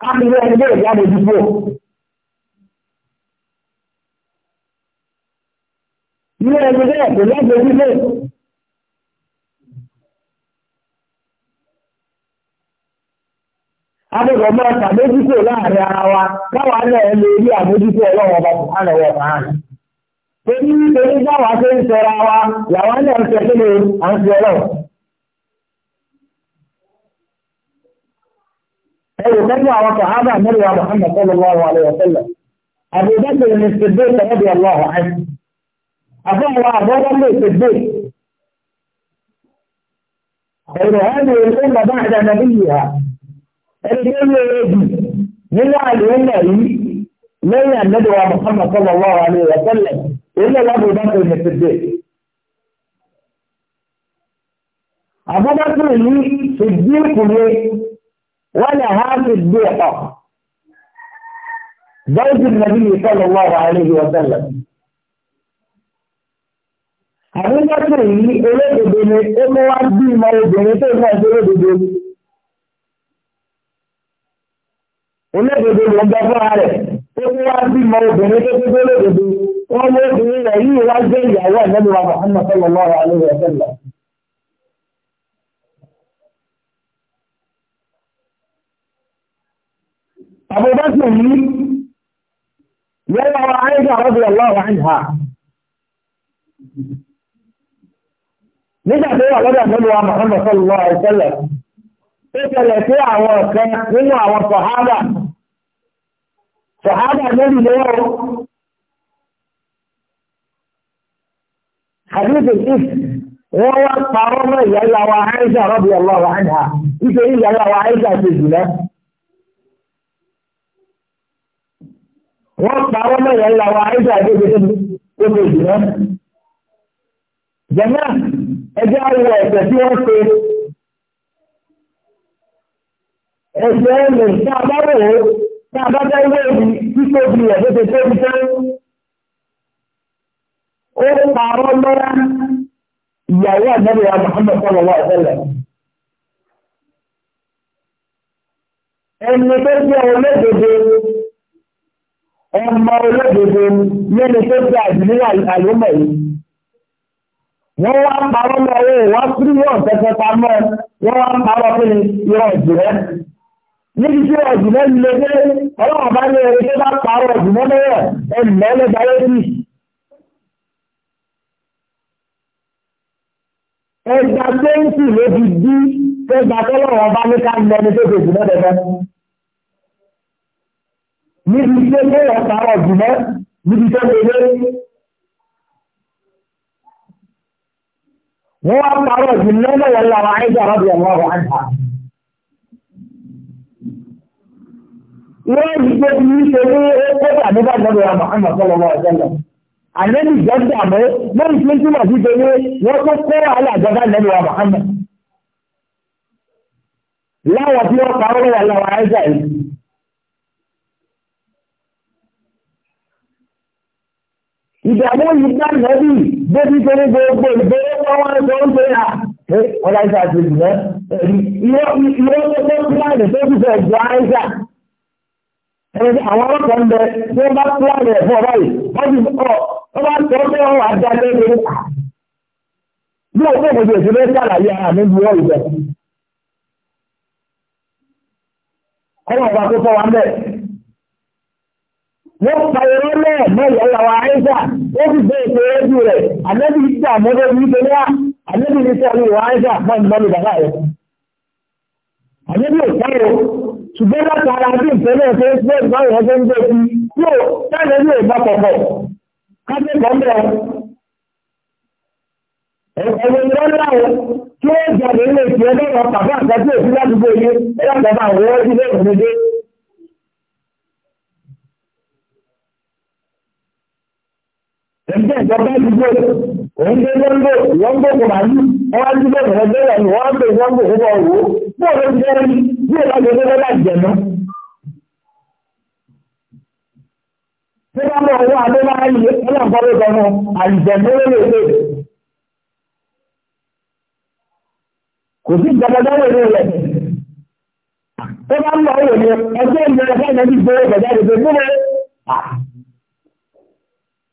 Speaker 2: ká fi wọ́n ilé ìjáde dúró. ní ẹni bẹ́ẹ̀ kò lọ́gbẹ̀ sílẹ̀. Abẹ́gbọ̀n máa ṣàmójútó láàrin ara wa káwa náà lè rí àmójútó ọlọ́run ọba sùhánà wọ̀ sàánà. Torí torí báwa ṣe ń sọra wa, làwa náà ń sọ sílẹ̀ à ń fi ọlọ́run. Ẹ̀rù mẹ́rin àwọn mẹ́rin wa Àbúrò àìsàn. لي في البيت خير هذه الأمة بعد نبيها الجنة يجي يلا الأمة ليا النبي محمد صلى الله عليه وسلم إلا أبو بكر من البيت أبو بكر لي في البيت صديق لي ولها البيت زوج النبي صلى الله عليه وسلم àníkàtì yìí olódodo ni ó mú wá bí ìmọ̀ obìnrin tó náà ṣe olódodo ni. olódodo ló ń bẹ fúnra rẹ̀ ó mú wá bí ìmọ̀ obìnrin tó ṣe olódodo wọ́n mú obìnrin rẹ̀ yìí wá jẹ́ ìyàwó ànábì wa Muhammad sallallahu alaihi wa sallam. àbúbáṣe yìí yẹ́wọ́ àìsàn radiyallahu anha. nígbà tó wà lọ́dọ̀ mẹ́lú wa Muhammad sallallahu alaihi wasallam tó ṣẹlẹ̀ sí àwọn ọ̀kan nínú àwọn sọ̀hábà sọ̀hábà lórí lọ́wọ́ hadith is wọ́n wá parọ́ mọ́ ìyáyà wa Aisha radiyallahu anha ìṣe ìyáyà wa Aisha ti jùlọ wọ́n parọ́ mọ́ ìyáyà wa Aisha ti jùlọ jẹ́mọ́ ẹjẹ́ àwọ̀ ẹ̀jẹ̀ tí wọ́n ṣe ẹ̀jẹ̀ ẹ̀lẹ̀ tí a bá rẹ̀ ó tí a bá bá ìwé ìbí tí tó bí ẹ̀ tó tó bí tó ó parọ́ lọ́wọ́ ìyàwó àjẹ́rẹ̀ ya Muhammad sallallahu alaihi wasallam ẹni tó jẹ́ olódodo ọmọ olódodo lẹ́ni tó jẹ́ àdìmúwà àlùmọ̀ yìí wọ́n wá ń parọ́ lọ owó wá sí yóò tẹ́tẹ́ pamọ́ wọ́n wá ń parọ́ pé yóò jìnà níbi tí yóò jìnà lè dé ọlọ́run bá lè rí bá parọ́ jìnà lọ́wọ́ ẹnìmọ́ lè dáyé bí. ẹgbà tẹ́ǹtì ló fi dí ẹgbà tọ́lọ́run bá ní ká lọ ní tó ṣe jìnà tẹ́tẹ́. níbi tí yóò parọ́ jìnà níbi tó lè dé wọ́n wá parọ́ ìdílé lọ́wọ́ lára àìjà rọ́bì ọ̀wọ́ ọ̀rọ̀ àìjà. Wọ́n yìí pé kí ṣe ní ó tàbí bá gbọ́dọ̀ ọmọ àmọ̀ sọ́lọ́ wọ́n ọ̀jọ́ lọ. Àlẹ́bí gbọ́dọ̀ àmọ́ lórí tí ó túmọ̀ sí pé wọ́n tó kó àlẹ́ àjọba lẹ́nu ọmọ àmọ̀. Láwọn tí wọ́n parọ́ lọ́wọ́ lára àìjà yìí. ìdààmú yìí bá nẹ́bí débi tó ní gbogbo ìgbéró wọn tó ń pè á. ẹ ọláìsà ti jù lọ ìwọ ìwọ tó tó pílánì tó ti fẹ́ ju àìsà. àwọn ọlọ́pàá ń bẹ tí wọ́n bá pílánì ẹ̀fọ́ báyìí wọ́n ti kọ́ wọ́n bá tọ́ pé wọ́n wà dá lẹ́nu. bí o tó gbogbo èsì lẹ́sẹ̀ àlàyé ara mi bu ọ̀rùn bẹ̀. ọlọ́pàá tó fọ́ wa ń bẹ̀ wọ́n pa irọ́ náà mẹ́yà ìyàwó àìsà ó sì gbé ìpè ojú rẹ̀ àlẹ́bí ìjà mọ́tò wípé ní àlẹ́bí ní sọ́ọ̀lù ìwà àìsà máa ń bọ́ ní bàbá rẹ̀. àlẹ́bí ò sáyò ṣùgbọ́n láti ara bí ìfẹ́ náà ṣe ń gbé ìgbà ìwọ́n tó ń gbé sí yóò sáyẹn ní ìgbà pọ̀pọ̀ kájẹ́kọ̀ọ́ mẹ́ ẹ̀wọ̀n ìwọ́n láwọn tí ó jáde ilé ìfẹ́ náà bàbá àgbájú òfin ládùúgbò yìí ẹ̀yà bàbá àwọn ilé ìrìnàjò ẹgbẹ́ ìjọba ìdíje òun dé lọ́ńgò kò máa yí wọ́n á dúró bẹ̀rẹ̀ bẹ́ẹ̀ wọ́n á bẹ̀rẹ̀ lọ́ńgò kó bó ló ń jẹ́ rí bí ó bá lè dé lọ́dà jẹ̀nà. tí wọ́n mọ̀ owó adé máa yí ọlọ́nkọ́rọ́ ìtọ́nù àìjẹ̀nà ó lè lè. kò sí ìjọba dáwọ́ ìlú rẹ̀. tó bá ń lọ òwò ẹgbẹ́ ìjọba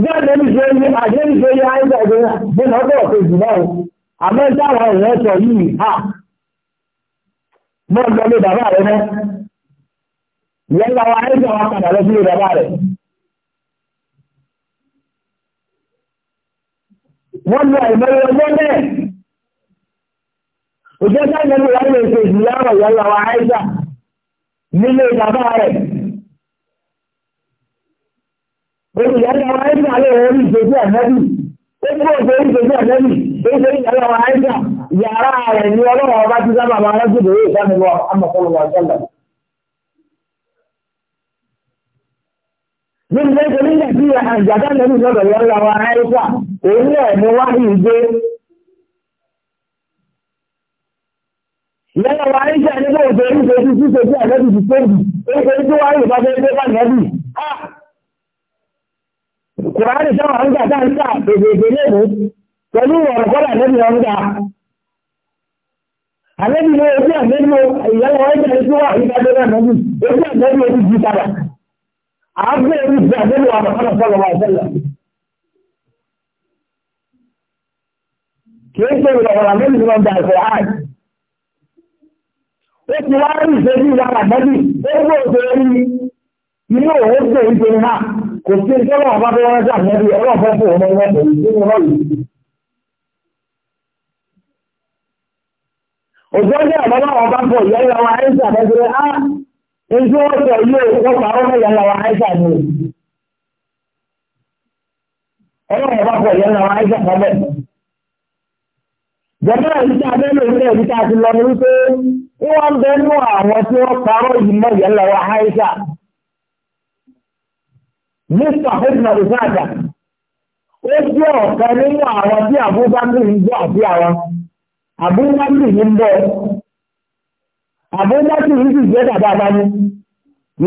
Speaker 2: ìjọ ìdẹ́bí ṣe ní àdébí ṣe ní àìsà ìgbéra bí lọ́pọ̀ òkèjì náà àmọ́ táwọn èèyàn sọ yìí ha mọ́ lọ lé bàbá rẹ náà ìyẹn láwọn àìsà wọn padà lọ sí lé bàbá rẹ wọ́n lọ ìmọ̀lẹ́ ọjọ́ náà òjò sáà lẹ́nu wà lè ṣe ìdílé àwọn olùyàrá àwọn àìsà alẹ́ orí ìṣojú ànábì ó kúrò pé ìṣojú ànábì ó ṣe ìyàrá àwọn àìsà yàrá rẹ̀ ní ọlọ́run ọba ti sábà máa rájú lórí ìdánilọ́ amọ̀kọlọ́wọ́ àjọlọ. nígbà tó nígbà tí àjàdá lẹ́nu lọ́dọ̀ yọ lọ́wọ́ àìsà òun náà ni wá ní ìgbé. ìyàrá àwọn àìsà nígbà tó nígbà tí ìṣojú ànábì ti tóbi ó ṣe ìṣojú ànábì Kùránì táwọn àwọn ìgbà táà ń tà bèbèbè lẹ́nu pẹ̀lú ọ̀rọ̀ kọ́là lẹ́nu ọ̀rọ̀ dà. Àlẹ́bí ló ojú àlẹ́bí ìyáwó ẹgbẹ́ ẹni tó wà nípa lẹ́nu àlẹ́bí ojú àlẹ́bí ojú ju padà. Àágbé orí ju àlẹ́bí wà lọ́kọ́nà sọ̀rọ̀ wà sẹ́lẹ̀. Kìí ṣe ìrọ̀rọ̀ àlẹ́bí ló ń da ẹ̀fọ́ áì. Ó ti wá rí ìṣẹ́jú ìyára àlẹ́bí ó gbọ́ òṣèré ní inú òun gbòó ìṣẹ́jú náà kò sí ìjọba àbá tó wọn jà nẹbi ọlọ́run fẹ́ fún òun ọmọ ìwọ́n nínú ọ̀rọ̀ yìí. òjò ní àbábá wọn bá bọ̀ ìyá ìyá wa àìsà lẹ́gbẹ̀ẹ́ á ní tí wọ́n sọ ilé ìwọ́n pàrọ̀ mọ́ ìyá ìyá wa àìsà ni. ọlọ́run bá bọ̀ ìyá ìyá wa àìsà lọ́bẹ̀. jọba bẹ́ẹ̀ lè rí èyí tá a lọ mr hosna rosada ó jẹ́ ọ̀kan nínú àwọn tí abúgbàgbé ń bọ́ àti àwọn abúgbàgbé ń bọ́ abúgbàgbé ń sì jẹ́ dàda bá ní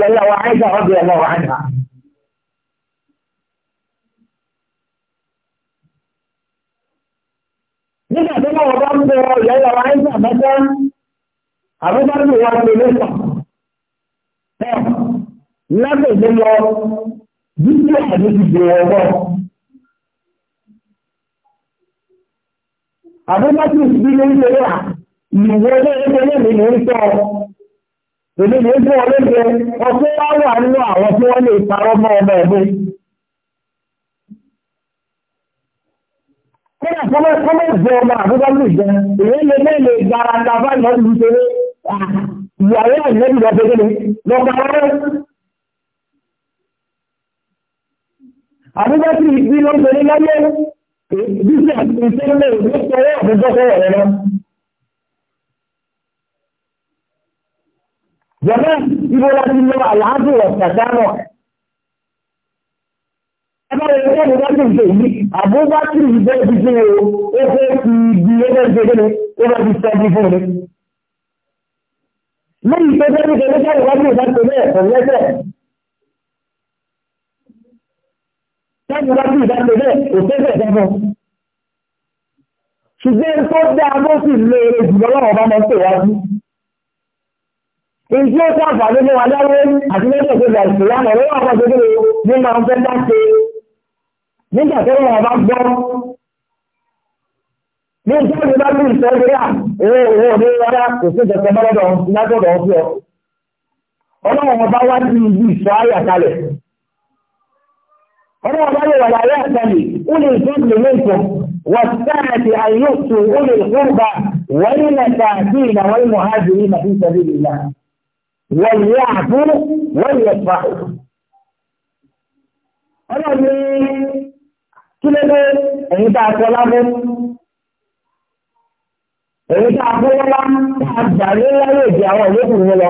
Speaker 2: ìyàwó àìsàn ọ̀gbìn ọlọ́wọ́ àìsàn. nígbà tí wọ́n bá ń bọ ìyàwó àìsàn mẹ́ta abúgbàgbé wọn lè lè sàn. lábẹ́ ìdílé Bíbí àdé ti bèèrè ọgbọ́. Àbúkátì ìsìnkú ló ń lè rà, ìwọ olóògbé lè ní ń sọ. Èdè lè fún olóògbé, ọkọ́ wá wà nínú àwọn tí wọ́n lè parọ́ mọ́ ọmọ ẹ̀gbẹ́. Kọ́nà kọ́mọ́ kọ́mọ́ ìjọ ọmọ àbúkátì ìjọ, èyí lè mẹ́lẹ̀ gbára ta ìlọ́dún ìṣeré. Ìyàwó àìlẹ́bì lọ́pẹ́ àbúgbàtí ìgbí ló ń pè ní láyé bísí ìṣẹ́lẹ̀ ìgbésọ̀rọ̀ àbúgbàsọ̀rọ̀ rẹ̀ lọ. Jọba ibo láti lọ àlàáfù ọ̀sàdánù. Ẹgbẹ́ rẹ̀ ṣe àbúgbàtí ìṣe yìí, àbúgbàtí ìbẹ́ ti ṣe o, ó fẹ́ fi ibi ẹgbẹ́ ṣe kí ni, ó bá ti sọ́jú fún mi. Lẹ́yìn tó fẹ́ ní kẹ́lẹ́kẹ́ ìwádìí ìbá sáàmì ọlọ́dún ìdájọ́ bẹ́ẹ̀ kò tẹ́sẹ̀ dáná ṣùgbọ́n tó dáa ló sì léèrè e jùlọ lọ́wọ́ bá máa ń tèwájú ìdí ó sàǹfààní ní wa dáwé àti lẹ́sẹ̀ tó bẹ̀rẹ̀ sí lánàá lọ́wọ́ àwọn ọmọdé ní máa ń fẹ́ bá ṣe nígbà tó wọn bá gbọ́ ní ìjọba bá ní ìṣẹ́jú rà owó owó ní rárá kò sí ìjọba ọlọ́wọ́ bá lè wà láyé àtàlì ulè ìjọ́bìlì lẹ́kọ̀ọ́ wàtàkì àyọ̀tù ulè ìkúrba wọ́n ní tààtì ìlànà ìmọ̀hájìrì nàbí sàbílì náà wọ́n yẹ àbú wọ́n yẹ fà. ọlọ́wọ́ ní kí ló dé ẹ̀yin tá a sọ lábẹ́ ẹ̀yin tá a fọwọ́ lá tá a gbà ní láyé ìdí àwọn ìyókù yẹn lọ.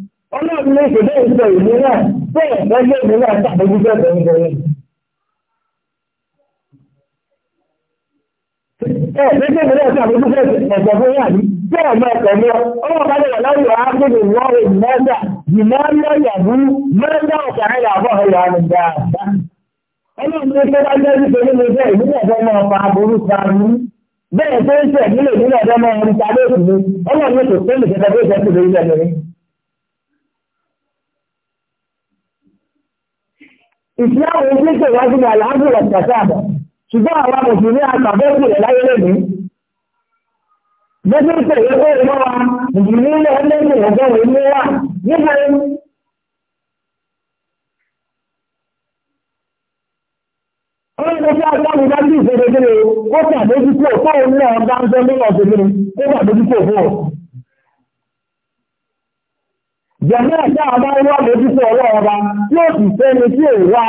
Speaker 2: ọlọ́run lè ṣe bẹ́ẹ̀ sọ ìlú náà dị lọ́jọ́ ìlú náà tàbí bẹ́ẹ̀ bẹ́ẹ̀ Ẹ ndị ìlú náà ìsìláàmù ìgbésẹ̀ ìwájú ni àlàáfíà pàṣàbọ̀ ṣùgbọ́n àwọn mùsùlùmí àkàbọ́sì rẹ̀ láyé lónìí bẹ́sẹ̀ tẹ̀lé pé ìmọ̀ wa mùsùlùmí ilẹ̀ ẹlẹ́sìn ọ̀gọ́ ìlú wa nígbà Ọlọ́run tó fẹ́ ọgbọ́n ìgbà tí ìṣòro kí ni ó kà lójú kú ọ̀pọ̀ òun náà bá ń tọ́ lórí ọ̀sẹ̀ mi kó kà lójú kú ọ̀pọ̀. Jẹ̀mọ́ ẹ̀dá ọba wá lójúkọ̀ ọwọ́ ọba tí ó sì fẹ́ni tí ò wá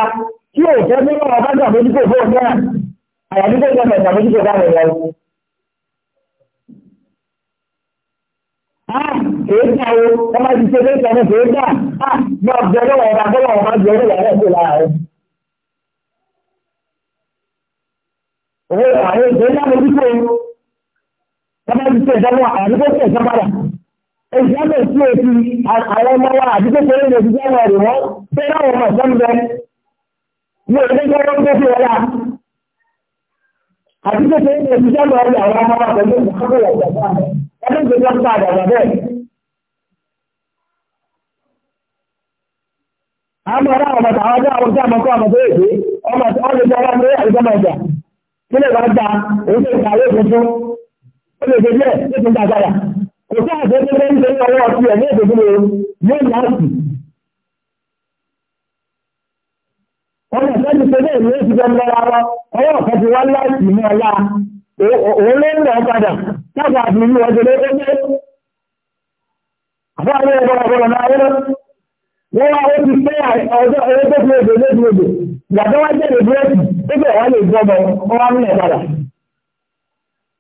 Speaker 2: tí ò fẹ́ bí ọba jà lójúkọ̀ fún ọjọ́ àyàbí tó jẹ́ mẹ́ta lójúkọ̀ bá rẹ̀ lọ. A ah, kìí gbà o, ọba ti ṣe lé ìtàn kìí gbà, a ah, gbọ́ jẹ́ lọ́wọ́ ọba bọ́lọ̀ ọba jẹ́ lọ́wọ́ ọba jẹ́ lára rẹ̀. Owó àwọn ìgbẹ́ náà lójúkọ̀ ọba ti ṣe ìjọba àyàbí tó ṣe ìjọba rẹ̀ ìyábẹ̀ tí o ti àwọn ọmọ wa àti kékeré lè jíjẹ́ wọn rè wọ́n tó láwọn ọmọ ọ̀sán bẹ ní ọdún tó wọ́n tó fi wọ́n àti kékeré lè jíjẹ́ wọn rè àwọn ọmọ wa pẹ̀lú ìgbàgbọ́ ìgbàgbọ́ ọdún tó wọ́n padà bà bẹ́ẹ̀. àwọn ọmọ ọmọ tàwọn ọjọ́ àwọn ọjọ́ àmọ́kọ́ ọmọ tó èdè ọmọ tó wọ́n lè jẹ́ ọmọ rẹ̀ àti ọmọ ọjà kí lè wọ́n gba òun tó ìgbà kò sí àjẹ́ ndị lé ní ọwọ́ ọtí ẹ̀ ní ìdòdó lè ní láti. Wọ́n yẹ̀ sẹ́ni pé bẹ́ẹ̀ ni ó ti jẹ́ lọ́wọ́ ara ọwọ́ ọ̀kan ti wá láti ní ọlá òun ló ń lọ padà láti ní ọjọ́ lé ẹgbẹ́. Àbá àwọn ọ̀rọ̀ ọ̀rọ̀ náà wọ́n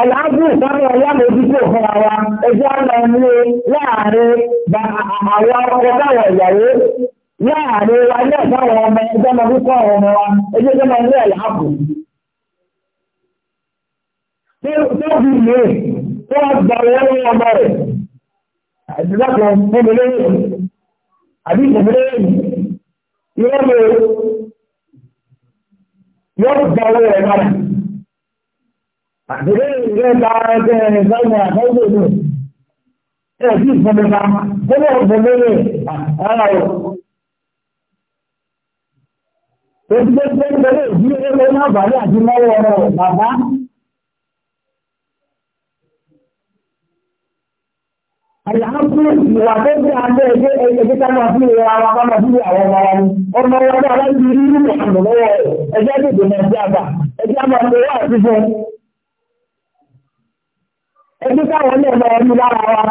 Speaker 2: Àlàáfíà ìsáàmù alámòjútó fún àwa ẹjọ́ àlọ́ ní láàrin àwọn ọkọ báwọn ìyàwó láàrin wa ní ọ̀sáwọn ọmọ ẹjọ́ ọmọ púpọ̀ ọmọ wa ẹjọ́ ọmọ ní àlàáfù. Tóbi lè tó gba owó ní ọmọ rẹ̀. Àdìdàpọ̀ mọ́mọlẹ́yìn àbí mọ́mọlẹ́yìn yóò lè yóò gba owó rẹ̀ padà àdúgbò ń bẹ̀rẹ̀ ìdílé ló ń àbálẹ̀ àti mọ́wọ́ ọ̀rọ̀ bàbá. Àyàkú ìwà tó bí abẹ́ ẹgbẹ́ ẹgbẹ́ ká máa fi ìwà wa ká máa fi àwọn ọmọ wa ni. Ọmọ wa ní aláìsí rí nínú àmì lọ́wọ́ ẹgbẹ́ àgbègbè náà bí àgbà. Ẹgbẹ́ àmọ́ ẹbí káwọn lè lọ ẹni lára wa.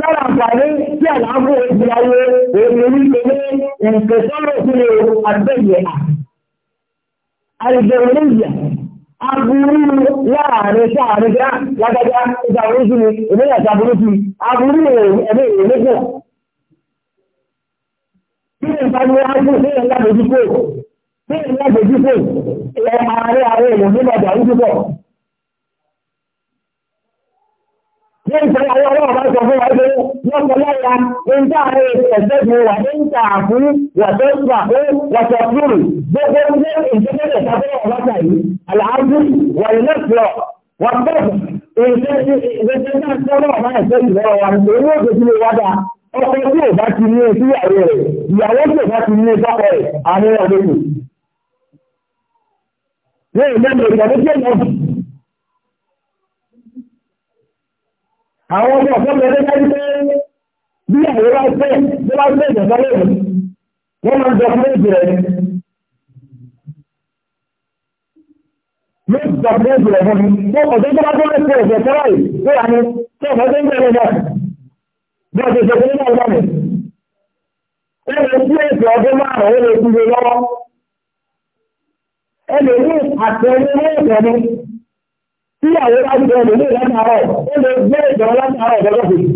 Speaker 2: Lára àǹfààní tí àlàáfò èdè ayé èdè orílẹ̀ ní ìpèsọ́rọ̀ òfin èrò àgbẹ̀yẹ̀ à. Àìjẹ̀wò níyà, aburú láàrin sáàrin gá lágbájá ìta oríṣi ni èmi àti aburú ti aburú ẹ̀mí ìrẹ́lẹ́gbẹ̀. Kí ni ìfàmì wa ń gbé sí ìlànà ìdíkò? Sí ìlànà ìdíkò, ìlànà àárẹ̀ àárẹ̀ ìlú nígbàdà ìdíkò. nítorí àwọn ọlọ́wọ́ bá sọ fún wa pé lọ́pọ̀ lọ́la ń dá àwọn ẹ̀sẹ̀ mi wà ní ń ta àfún wàtọ́ ìgbà pé wàtọ́ fúrù gbogbo ilé ìjọba ìjọba ọlọ́ta yìí àlàáfù wà ní lẹ́sọ̀ wà bẹ́ẹ̀ ìgbésẹ̀ náà sọ́wọ́ ọ̀rọ̀ ẹ̀sẹ̀ ìlọ́wọ́ wa ní owó òṣèlú wádà ọkọ tí ò bá ti ní etí ìyàwó rẹ̀ ìyàwó tí ò bá ti ní ìbáwọ̀ rẹ̀ àárín ọ̀dọ́ àwọn ọmọ ọ̀fọ́n bẹ̀rẹ̀ dájú pé bí àwọn bá fẹ́ bí wọ́n fẹ́ ìjọba lẹ́yìn wọ́n máa ń jọ fún èjì rẹ̀ yóò jọ fún èjì fún mi wọ́n kọ̀ tó bá tó lẹ́sẹ̀ ẹ̀jẹ̀ sọ́rọ̀ yìí tó wà ní tó ọ̀fọ́ tó ń bẹ̀rẹ̀ náà bí ọ̀sẹ̀ ìṣẹ̀kú nínú ọ̀gá mi ẹni tí èsì ọdún márùn-ún ó lè fi lọ́wọ́ ẹni ní àtẹ̀wé ní ìtẹ̀wé tí àwọn láti ọ̀nà ilé látàárọ̀ ó lè gbé ìjọba látàárọ̀ ọ̀dọ́gbọ̀ fún mi.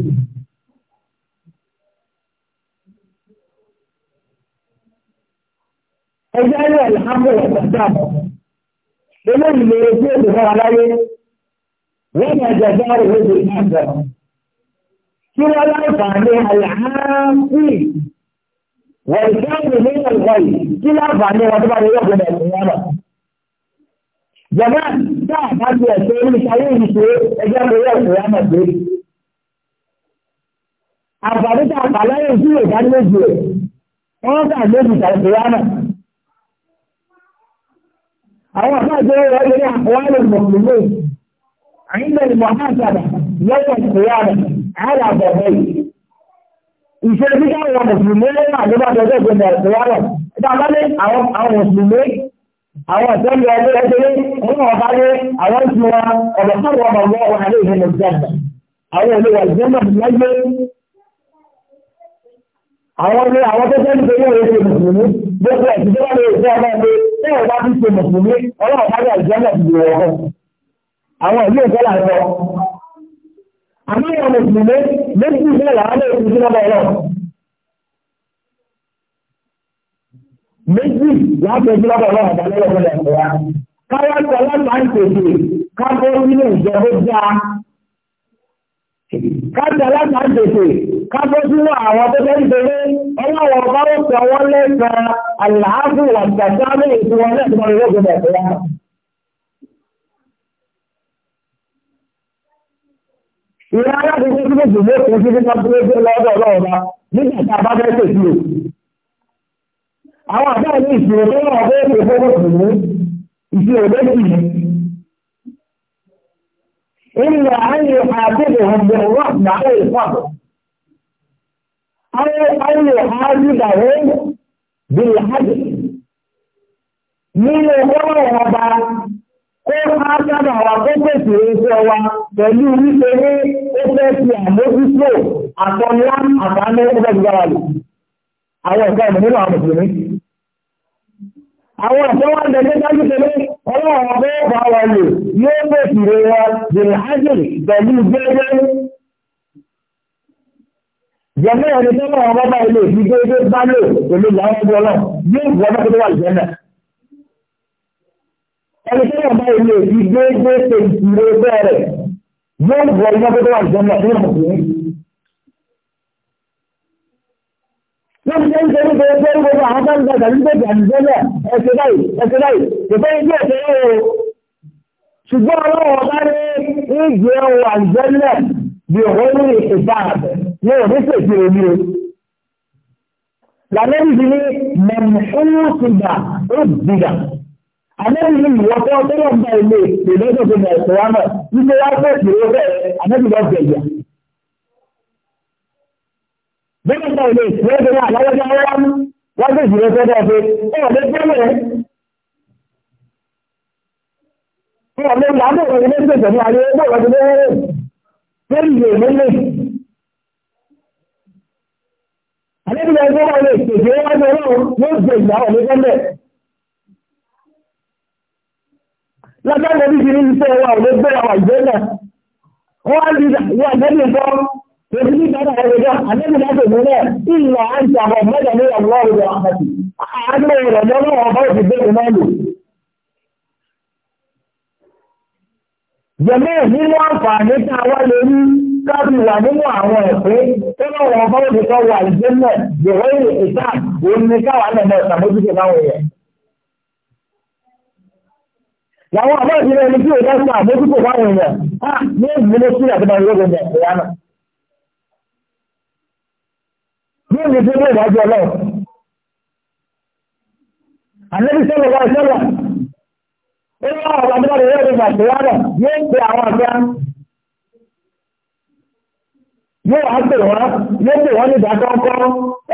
Speaker 2: ẹgbẹ́ ayé alhamdu ọ̀sán ilé ìlú ojú èdè fún aláyé wọ́n máa jẹ̀dá òwe ìlú ìlú kí wọ́n láǹfààní alhamdu wọ̀nyí káàdì ní ọ̀gbọ̀n yìí kí láǹfààní wọn tó bá ní ọ̀gbọ̀n ẹ̀sìn yára. Jọba náà bá ju ẹ̀sẹ̀ orí ìṣayé yìí ṣe ẹgbẹ́ lórí ọ̀sẹ̀ yá mọ̀ pé. Àǹfààní tá a fà lẹ́yìn tí yóò bá lójú ẹ̀, wọ́n kà lójú ìṣàkóso yá náà. Àwọn àfáà tó ń wọ́n lórí àwọn olùmọ̀lùmọ̀ àyíndẹ̀ ni Mọ̀hánsàdà lọ́wọ́ ìṣòwò lọ́wọ́ àdébàdàn ọjọ́ ìgbìmọ̀ ìṣòwò rẹ̀ àwọn ìṣẹ́lẹ̀ ọdún ẹgbẹ́ nínú ọba ní àwọn tí wọn ọ̀dọ̀ tó wọ́n ọmọ wọn ní ìhìnà ìjọba àwọn olówó ìjọba lẹ́gbẹ́ àwọn ilé àwọn tó tẹ́lẹ̀ tó yóò ṣe mùsùlùmí gbogbo ẹ̀sìn tó wọ́n lè ṣe ọmọ ẹgbẹ́ tí wọ́n bá ti ṣe mùsùlùmí ọlọ́run bá yà ìjọba àwọn ìlú ìwọ̀n mùsùlùmí méjì méjì látọjú lọ́dọ̀ ọlọ́run ọba lọ́wọ́ ọ̀gbọ́dọ̀ ọ̀gbọ́dọ̀ káwá sọ ọlọ́pàá ń tètè kábọ́ nínú ìjọba dáa kájà láti àjèjì kábọ́ sínú àwọn tó tẹ́ ìdèrè ọlọ́wọ́ ọba ó sọ wọ́n lẹ́sàn-án àlàáfù àgbàjá ní ètò wọn lẹ́sàn-án lórí ọgbọ̀n ẹ̀kọ́ wa. ìrẹ́ alábòókú tí mo dùn mọ́ kó sí nípa tó lọ́dọ̀ ọlọ́ọ̀ba nígbà tá a bá fẹ́ tètè àwọn àbẹ́ ní ìṣòro tó wà bẹ́ẹ̀ tó fọ́wọ́ kù mú ìṣòro méjì ní. Ilẹ̀ ayé àbúrò ọ̀gbẹ̀ wà náà Ayé ayé bí ọwọ́ ọba, wà tó pèsè wa pẹ̀lú wípé ó fẹ́ fi àmójútó àtọ́lá àtàlẹ́ àwọn ọ̀gá ọmọ nínú àwọn mùsùlùmí. Àwọn ọ̀sán wá dẹ̀dẹ́ dájú pé ọlọ́run ọgbẹ́ ọ̀pọ̀ àwọn lò yóò mú ìrè wọn jìnnà ájìlì pẹ̀lú gbẹ́gbẹ́. Jẹ̀mọ́ ẹni tó mọ̀ ọmọ bá ilé ìfi gbẹ́gbẹ́ bá lò pẹ̀lú ìyàwó ọgbẹ́ ọlọ́run yóò wọ́n bá tó wà lẹ́yìn náà. Ẹni tó mọ̀ bá ilé ìfi gbẹ́gbẹ́ ṣe ìṣirò bẹ́ẹ̀ rẹ̀ yóò wọ́n bá tó wà lẹ́yìn náà Wọ́n ti ń ṣe ní gbogbo ẹgbẹ́ gbogbo àwọn bá ń gbàgbà ní gbogbo àdìsẹ́lẹ̀ ẹ̀ṣẹ̀ báyìí ẹ̀ṣẹ̀ báyìí kò fẹ́ ilé ẹ̀ṣẹ̀ yóò. Ṣùgbọ́n ọlọ́wọ́ bá ní ìgbé ohun àdìsẹ́lẹ̀ bí òun ní ìṣèbá ní òun ṣe ti omi o. Lànàbí ti ní mẹ̀mùsùnmù ti gbà ó dìgbà. Ànàbí ní ìwọ tó tọ́lọ̀ ń bá ilé ìlọ́jọ́ tó bẹ̀rẹ̀ sọ wá náà nígbà wá pẹ̀ bẹ́ẹ̀ náà ilé ìṣẹ́ tó wà lọ́wọ́dá wọ́n wọ́n sì ìṣẹ́ tó dọ̀ pé ó lè gbẹ́lẹ̀
Speaker 1: rẹ̀ ó lè lábọ̀ rẹ̀ ilé ìṣẹ́
Speaker 2: tẹ̀lé ayé ó lọ́wọ́ tó lọ́wọ́ lórí àlébí lọ gbọ́wọ́ ilé ìṣẹ́ tó wọ́n lọ́wọ́ gbé ìgbà wọn ní lọ́jọ́ lọ́bí ti ní wa ò lè gbé àwọn ìgbẹ́ náà wọ́n á di wọ́n يقول لك أنا هرجع أنا من هذا المناء إلا أنت غمدني الله برحمته أنا رمضان وضعت البيت ماله jẹ̀mọ́ nínú àǹfààní tá wá lórí káàbì wà nínú àwọn ẹ̀fẹ́ tó bá wọn bá òde kan wà ìjẹ́mọ̀ ìwé ìta òun ni káwà lẹ́mọ̀ ìsàmójútó báwọn báwọn yẹn á ní èyí yóò ní fún ìdájọ́ ọlọ́run àlẹ́bí sọ́lọ̀ wá sọ́lọ̀ ó ní àwọn ọ̀gá mọ́rin yóò rí bàtí wá rọ̀ yóò pe àwọn ọ̀gá yóò wá pè wọ́n yóò pè wọ́n ní ìdájọ́ ọkọ́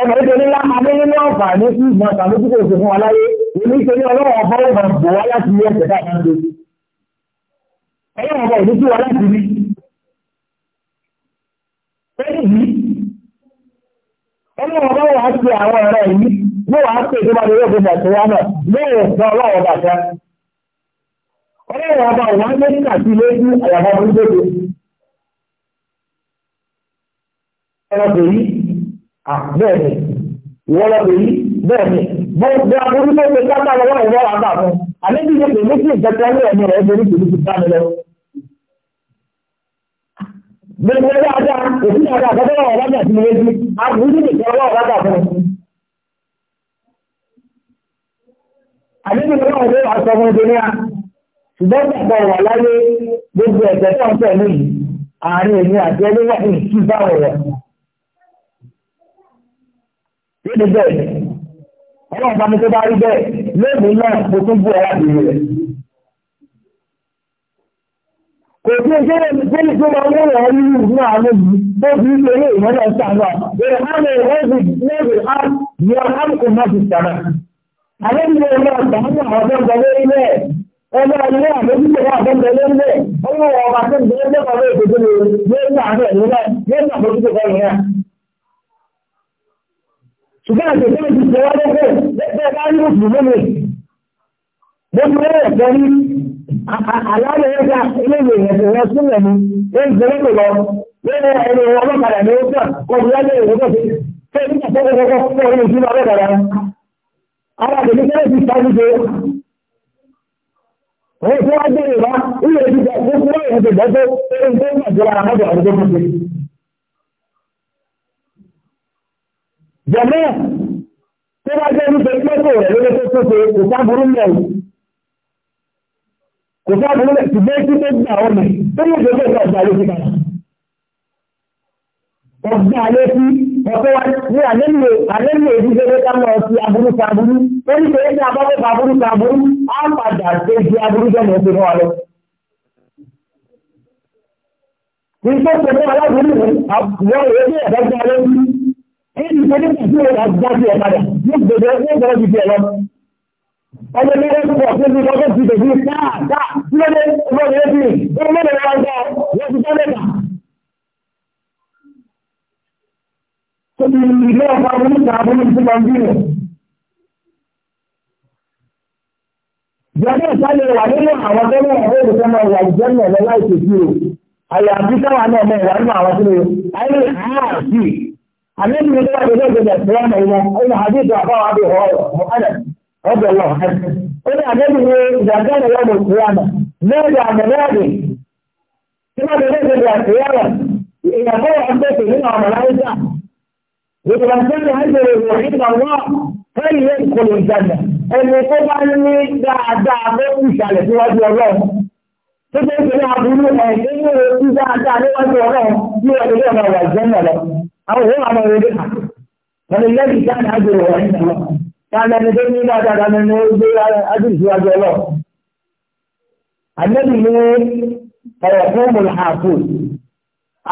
Speaker 2: ẹnà ìdè nílá adé nínú ọ̀fà ní sí ìmọ̀ sàmójútó òfin fún wa láyé èmi ṣe ní ọlọ́run ọ̀fọ́ ó bá bò wá láti yẹ ẹ̀sẹ̀ káàkiri ẹ̀yìn ọ̀gá ìdí ọlọ́run ọba wà á ṣe àwọn ọ̀rọ̀ yìí yóò wá pè tó bá lè rògbò náà lóòrò fún bàtà ọba wà á lé ní lójú àyàfà yìí yìí ṣe kápá lọ́wọ́ ìwọ́lọ́ àbà fún àlejò ìjọba méjì ìjọba ní ẹ̀mí rẹ̀ ẹgbẹ̀rún kìlú ti dá mi lọ gbogbo dáadáa òfin dáadáa àkọ́kọ́ wà lájà sí ilé sí àbúrú nìkan wà lájà fún un. àdébí ni wọn lè wà sọ fún ìdílé à ṣùgbọ́n gbàgbọ́ wà láyé gbogbo ẹ̀jẹ̀ tó ń tẹ̀lé yìí àárín èmi àti ẹni wà ní ìtú mi tó bá rí bẹ́ẹ̀ lóògùn náà mo tún bú ọ láti rẹ̀. Kò tí ó jẹ́rẹ̀ ní pé tó máa wọ́n wọ́n ní ìlú àwọn yìí tó fi ń lè ìwọ́n náà sàánà. Bẹ̀rẹ̀ àmì ìwọ́sì lórí àmì ìyọ́n àmì kò má ti sàánà. Àwọn ìlú ọmọ àtàwọn àwọn ọ̀dọ́ lórí rẹ̀. Ọmọ ilé àmójútó wà tó ń bẹ lórí rẹ̀. Ọmọ ọba tó ń bẹ lórí ọmọ ètò tó lè ní àárẹ̀ nílẹ̀ lẹ́yìn àmójútó kọ́ nìyà. Ṣùgbọ́n àti ìdílé ti ṣe wá lọ́pọ̀ lẹ́gbẹ̀ẹ́ bá ní òṣù lónìí. Mo ti rẹ̀ ẹ̀kọ́ ní Àlàyé ẹgbẹ́ ilé-ìwé ìrẹsẹ̀ rẹ sílẹ̀ ni, ó ń gbẹ́rẹ́ pẹ̀lọ́, lẹ́nu ẹni ọlọ́kadà ni ó gbà, kọ̀ọ̀dù lálẹ́ ìwé náà ti fẹ́ ní ìfọwọ́ kọ́kọ́ fún ọ̀rọ̀ ìṣúná ọlọ́kadà. Ara àgbẹ̀dẹ̀ fẹ́rẹ̀ ti sáájú ṣe. Wọ́n tó wá dé ìwá, ilé ìdíjà tó kú lọ́yẹ̀ ẹ̀sẹ̀ gbọ́dọ̀ ẹ̀rọ tó ń àjọra àmọ́dọ̀ àdúgbò fún ṣe. Jẹ̀mọ́ tó wá jẹ́ nípa ẹgbẹ́ tó rẹ̀ lórí tó tó ṣe kò sáburú mẹ́rin kò fún àwọn ọmọlẹ̀ tí bẹ́ẹ̀ tí bẹ́ẹ̀ gbà ọmọ tó ní ìgbésẹ̀ ìgbà ọ̀gbà ló fi kà ọ̀gbà ló fi ọ̀pẹ́ wa ní àlẹ́lò àlẹ́lò ìdíje ló ká lọ sí aburú ka aburú tó ní ìgbésẹ̀ ní abọ́fẹ́ aburú ka á padà dé ju aburú jọmọ ó ti rán wa lọ. kì í tó ṣe fún aláburú rẹ àwọn ìwé ní ẹ̀dọ́gbà ló fi ọmọ ilé tó pọ̀ síbi ọjọ́ ti tẹ̀sí dáadáa tí ó lé ọmọ ilé tí ó lé lè wá gbọ́ wọ́n ti tọ́ lẹ́ta. Tóbi ilé ọba oníta abúlé tí wọ́n bí rẹ̀. Ìjọba ìsàlẹ̀ wà nínú àwọn tẹ́lẹ̀ ọ̀rẹ́ ìfẹ́ máa wà ìjẹ́nà lọ láì tètè o. Àyà àbí káwa náà mọ̀ wà nínú àwọn tẹ́lẹ̀ ayé àárọ̀ sí. Àmì ìdílé tó wà lórí ìgbésẹ̀ ìfẹ́ wọn, ọ̀nà àdéhùn àbáwá bí ọ̀rọ̀ ọ̀hánà ọ̀dọ̀ lọ. Ó ní àdébì ní ìjàgbá rẹ̀ lọ́dọ̀ ìyàmà. Mẹ́rin àmì mẹ́rin. Tí wọ́n ti rí ìgbà ìyàmà, ìyàgbọ́ wọn tẹ̀sí nínú ọmọ láyéjà. Ìgbàgbọ́n àjẹrè wò nínú ọwọ́ fẹ́ẹ̀lì yẹn kò lè jàdà. Ẹni tó bá ní dáadáa ló kù ìṣàlẹ̀ síwájú ọlọ́run. Tó bá ń pè ní aburú ẹ̀yìn ní ojú dáadáa níwájú ọlọ́run ní ọdún yóò máa wà jẹ́ náà lọ. Àwọn òun àwọn èrè kà. Wọ́n lè lẹ́yìn ìjáde àjẹrè wọ̀ nínú ọlọ́run. Tàbí tó ní dáadáa nínú gbé adúrùsíwájú ọlọ́. Àdébì ní ọ̀rọ̀ fún Mùlhàfù.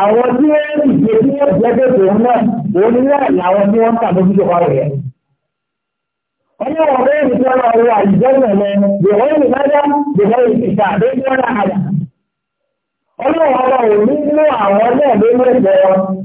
Speaker 2: Àwọn tí ó ń ṣe tí wọ́n jẹ́ tètè ń náà, òun ní tí wọ́n ń tàbí rẹ̀. Ọjọ́ wọn bẹ́ẹ̀ ní kí wọ́n lọ ní ìta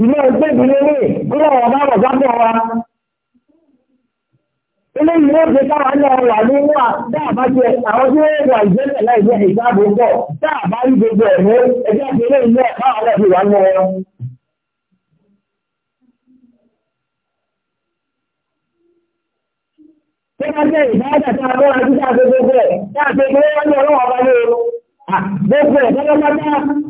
Speaker 2: ìdílé ẹgbẹ́ ìdílé rẹ̀ kúrò ọ̀rọ̀ bá bọ̀ wa. Ilé ìlú òfin táwọn ní ọ̀rọ̀ ní wà dáàbá jẹ àwọn tí wọ́n wà ìjẹ́lẹ̀ láì jẹ́ ìjábò ń bọ̀ dáàbá rí gbogbo ẹ̀mú ẹgbẹ́ ìdílé ìlú ẹ̀ káwọn fi wà nù wọn. Ṣé ìdájà tí a bọ́ àti dáàbò gbogbo ẹ̀ gbogbo wọn ní ọlọ́wọ́ ọba Gbogbo ẹ̀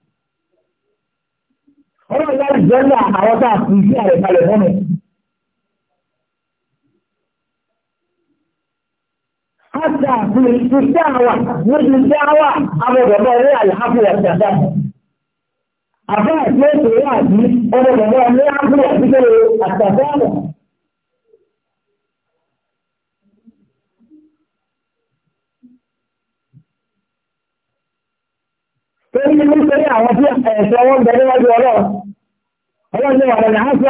Speaker 2: ọlọ́run láti jẹ́nà àwọn tá a fi sí àrẹ kalẹ̀ fún mi. Hata àfihàn ìṣiṣẹ́ àwà níbi iṣẹ́ àwà abẹ́bẹ̀bẹ̀ ní àlàáfù ọ̀sẹ̀dá. Àbá àti ètò ìwádìí ọmọ bàbá ní àbúrò àti kéde àtàkọ́ Torí nítorí àwọn tí ẹ̀sẹ̀ wọn bẹ̀rẹ̀ ọlọ́run. Ọlọ́run wà lọ́nà àwọn ha ọmọ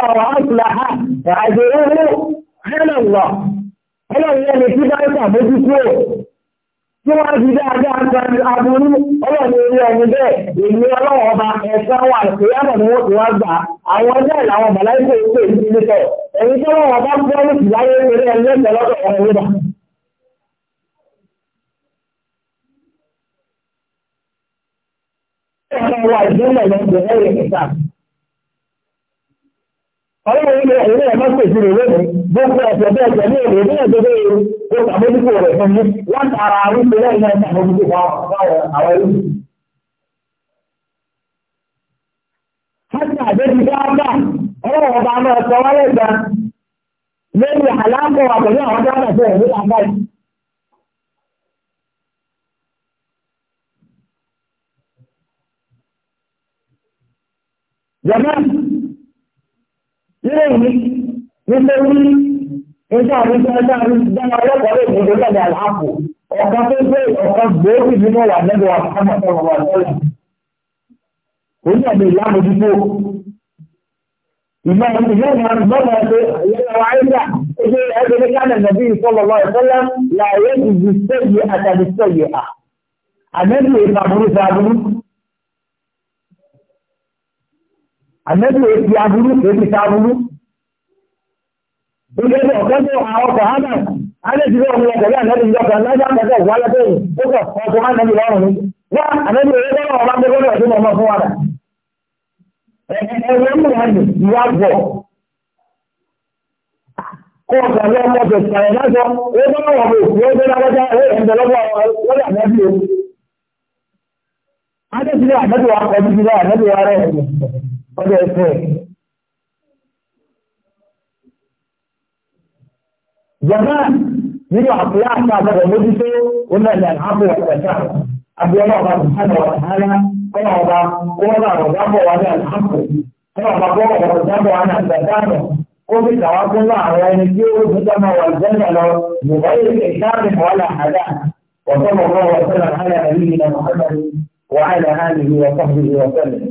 Speaker 2: wà Àwọn ọjọ́ bàláìkò wọ àìsílẹ̀ lọ bẹ̀ ẹ̀rẹ̀ níta. Ọlọ́run bụrụ na ẹ̀ máa pèsè na mi, gbogbo ọ̀sẹ̀ bẹ́ẹ̀ tẹ̀lé èrè ní ẹ̀jẹ̀ bẹ́ẹ̀ bụrụ ṣàmójútó rẹ̀ fún mi látara wípé na náà ṣàmójútó fáwọn àwọn ẹlú. Hásì àdébí dáadáa, ọlọ́run ọba náà sọ wálé gan lórí àlámọ̀ àwọn dáadáa ẹ̀mí àbáyé. Jọba ilé ìwé nígbà orí nígbà nígbà nígbà nígbà ọlọ́pàá lè gbogbo lọ́dọ̀ àlápò ọ̀kan tó gbé ọ̀kan gbòógì nínú wà lẹ́gbẹ̀ẹ́ wà fún ọmọ ọmọ wà lọ́lẹ̀. Orí ẹ̀mí ìlàmójútó ìmọ̀ ìlú máa ń gbọ́dọ̀ pé àyẹ̀wò àyíká ó ṣe ẹgbẹ́ ní kánà nàbí ìfọlọ́lọ́ ìfọlọ́ láàyè ìdí sẹ́yìn àtàdé sẹ́yìn à. Àmẹ́bí ìfàbùrú fàbùrú àmẹ́bí èdè aburú èdè sáburú. Ìgbésẹ̀ ọ̀kan tó àwọn ọkọ̀ hánà, a lè ti rí ọmọ ọkọ̀ bí àmẹ́bí ìjọba lájá àtẹ́kọ̀ wà lẹ́tẹ̀yìn, ó kọ̀ ọkọ̀ máa nẹ́bí lọ́rùn ní. Wá àmẹ́bí èdè lọ́rọ̀ ọba gbogbo rẹ̀ tó mọ̀ fún wa rà. Ẹ̀wọ̀n mú wọn ní ìyá bọ̀.
Speaker 1: Kọ́ ọ̀kan lọ mọ̀ tó sàrẹ̀ lásọ, ó bá wọn bò sí ó bẹ́ẹ̀ lọ́jà ó ń bẹ lọ́wọ́
Speaker 2: lọ́jà àmẹ́bí o. Adé ti rí àmẹ́bí wa kọ́ ọdún ẹ̀fọ́ ẹ̀. Jọba nínú àpòyá àti àbọ̀dọ̀ mójútó onílẹ̀ àbò ẹ̀fẹ́ abiola ọba bùhánà wà hánà kọ́nà ọba kọ́nà ọba bọ̀ wà ní àlùkò kọ́nà ọba bọ̀ wà ọ̀dà bọ̀ wà ní àgbàdànù ó fi kàwá fún àwọn ẹni tí ó fi dáná wà jẹ́nà lọ yorùbá yìí lè káàdì wàhálà àdá ọ̀tọ́ mọ̀mọ́ wà sọ́nà hánà àríyìn náà mọ̀hánà wàhálà hánà ìlú ọ̀tọ́